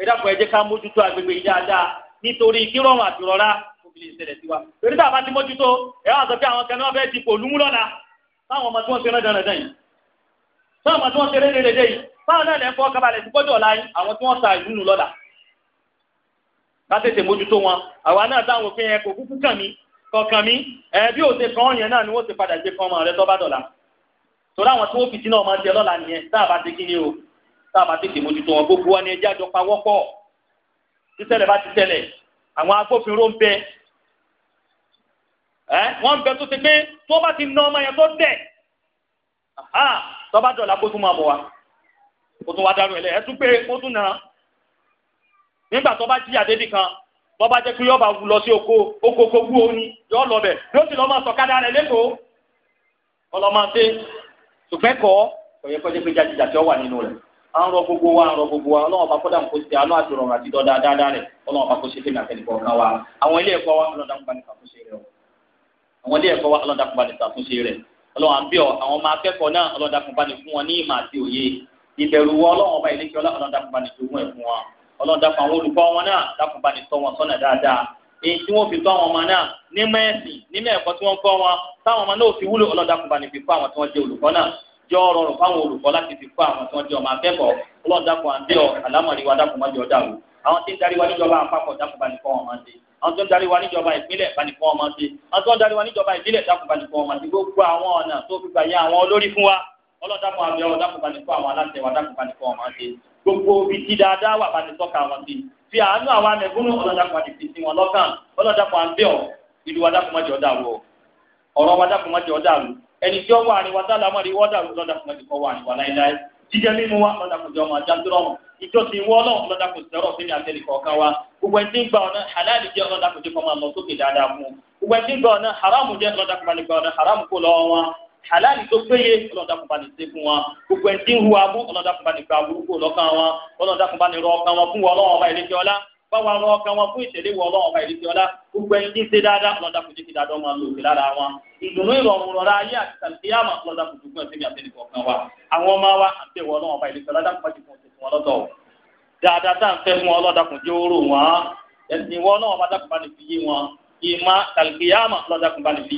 ẹ dákun ẹ jẹ́ ká mójútó agbègbè yìí dáadáa nítorí kí rọrùn bí lè ṣẹlẹ̀ sí wa torí tá a bá ti mójútó ẹ wá sọ pé àwọn kan náà fẹ́ẹ́ ti pòlú lọ́la táwọn ọmọ tí wọ́n ṣe rẹ́ dandan yìí táwọn ọmọ tí wọ́n ṣe rẹ́ dédé yìí táwọn náà lẹ́ fọ́ kábàlẹ̀ sí gbọ́dọ̀ láyé àwọn tí wọ́n sa ìlú nù lọ́la ká tètè mójútó wọn àwa náà táwọn òfin yẹn kò kúkú kàn mí kọ̀ọ̀kan mi ẹ̀ bí òde kan yẹn náà ni wọ́n ti padà gbé kan ọmọ rẹ dọ̀la torí àwọn tí wọ́n fìtí náà máa ń jẹ nìyẹn tá a bá ti kí o tá a bá tètè mójútó wọn gbogbo wa ni ẹjẹ́ àjọ pawọ́pọ̀ títẹ̀lẹ̀ bá ti tẹ̀lẹ̀ àwọn agbófinró ń bẹ wọ́n bẹ tó ṣe pé tó bá ti na ọmọ yẹn tó dẹ̀ tó bá dọ̀la kó tún máa bọ̀ wá kó tún wá dárò ẹ̀ lẹ̀ ẹ̀ tún pé kó tún nà nígbà tó bá jí àdébì kan tó bá jẹ́ pé yóò bá lọ sí oko oko kókú oyin yóò lọ bẹ̀ yóò sì lọ máa sọ̀kadà rẹ̀ lẹ́kọ̀ọ́ ọlọ́mọ ṣe ṣùgbẹ́ kọ́ ọ̀yẹ́ kọ́jẹ́ pé jáde jàdí ọ wà nínú rẹ̀ à ń rọ gbogbo wa à ń rọ gbogbo wa ọlọ́wọ́n bá kọ́dà kó ṣe àánú àti ọ̀rọ̀ àti dọ́dá dáadáa rẹ̀ ọlọ́wọ́n bá kó ṣe fẹ́mi àtẹnìkọ̀ọ̀kan wa àwọn ilé ẹ̀kọ́ wa ọlọ́dà ń bá nípa kó ṣe rẹ̀ o àwọn ilé ẹ̀kọ́ wa ọlọ́dà kún bá lè ṣàtúnṣe rẹ̀ ọlọ́run àbíọ̀ àwọn ọmọ akẹ́kọ̀ọ́ náà ọlọ́dà kún bá lè fún wọn ní ìmọ̀ àti òye ìbẹ̀rù wọ ọlọ́run ọba ìlẹ́kẹ́ ọlọ́dà kún bá lè jogún ẹ̀ fún wọn ọlọ́run dàpọ̀ àwọn olùkọ́ wọn náà dàpọ̀ bá lè tọ́ wọn sọ́nà dáadáa èyí tí wọ́n fi tọ́ àwọn ọmọ náà ní mẹ́ẹ̀sì ní mẹ́ẹ̀kọ́ tí wọ́n kọ́ wọn táwọn ọmọ náà fi wúlò ọlọ́dà kún bá lè fi kọ́ àwọn tí wọ́n jẹ́ olùkọ́ náà jọ rọrùn fáwọn olùkọ́ láti fi kọ́ àwọn tí wọ́n jẹ́ ọmọ akẹ́kọ̀ọ́ ọlọ́dà kún àbíọ̀ àlámọ̀rí wa dàpọ̀ àwọn tí ń darí wa níjọba àpapọ̀ dàpọ̀ bá wọn máa ń ṣe àwọn tó ń darí wa níjọba ìpínlẹ̀ ìbánikọ́ ọmọ sí àwọn tó ń darí wa níjọba ìbílẹ̀ dákùnbánikọ́ ọmọ sí gbogbo àwọn ọ̀nà tó fi gbà yá àwọn olórí fún wa ọlọ́dàkùn àbẹ̀ ọ̀ dákùnbánikọ́ àwọn aláṣẹ wa dákùnbánikọ́ ọmọ sí gbogbo ibi tí dáadáa wà bá ti tọ́ka wọn sí fi àánú àwọn amẹ̀gúnnù ọlọ́dàkùn àti fìsí wọn lọ́kàn ọlọ́dàkùn àbẹ̀ ọ̀ ìlú wa jíjẹ mímu wa lọ́dàkùnjọ ọmọ àjàndúrọ̀ wọn ìjọsìn ìwọ ọlọ́run lọ́dàkùnjọ ọ̀rọ̀ sínú àtẹnì kọ̀ọ̀kan wa gbogbo ẹni tí ń gba ọ̀nà halal jẹ́ lọ́dàkùnjọ kọ́ máa lọ sókè dáadáa fún gbogbo ẹni tí ń gba ọ̀nà haram jẹ́ lọ́dàkùnjọ gba ọ̀nà haram kó lọ́wọ́ wọn halal tó péye ọlọ́dàkùnbani ṣe fún wa gbogbo ẹni tí ń hu abú ọlọ́dàkùnbani gba abúrúkú lọ́kàn wọn ọlọ́dàkùnbani rọ ọkàn wọn fún wọn ọlọ́wọ́n ọba ìlẹ́jọ́ ọlá báwa àwọn ọkàn wọn fún ìtẹ̀lé wọ ọlọ́run ọba ìrètí ọlá gbogbo ẹni tí ń ṣe dáadáa ọlọ́dà kò jẹ́ kí dáadáa máa lo òkè lára wọn ìdùnnú ìrọ̀rùn rọra ayé àti sàlùkìyàmà ọlọ́dà kò dùgbọ́n sí mi àtẹnì kọ̀ọ̀kan wa àwọn ọmọ wa àti ìwọ ọlọ́run ọba ìrètí ọlá dákùn pàṣẹ fún ọ̀sẹ̀ fún ọlọ́dọ̀ dáadáa tá à ń fẹ́ fún ọlọ́dà kò jẹ́ oró wọn ẹ̀sìn ìwọ ọlọ́run ọba dákùn bá ní fi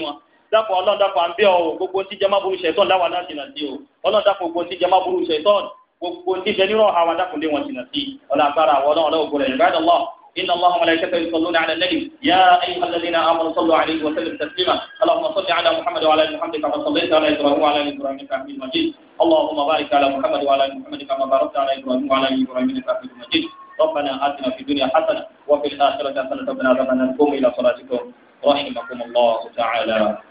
yé wọn ìmọ̀ dàpọ̀ ọlọ́run dàpọ̀ àǹbí ọ̀wọ̀ gbogbo ti jẹ́má burú ṣẹ̀tọ́n láwa náà jìnà sí o ọlọ́run dàpọ̀ gbogbo ti jẹ́má burú ṣẹ̀tọ́n gbogbo ti ṣe nírọ̀ àwa dàpọ̀ lé wọn jìnà sí ọ̀là agbára àwọn ọlọ́run lọ́wọ́ gbọ́dọ̀ ìbáraẹ̀dọ̀ lọ́wọ́ إن الله وملائكته يصلون على النبي يا أيها الذين آمنوا صلوا عليه وسلم تسليما اللهم صل على محمد وعلى آل محمد كما صليت على إبراهيم وعلى آل إبراهيم إنك حميد مجيد اللهم بارك على محمد وعلى آل محمد كما باركت على إبراهيم وعلى آل إبراهيم إنك حميد مجيد ربنا آتنا في الدنيا حسنة وفي الآخرة حسنة وقنا عذاب النار إلى صلاتكم رحمكم الله تعالى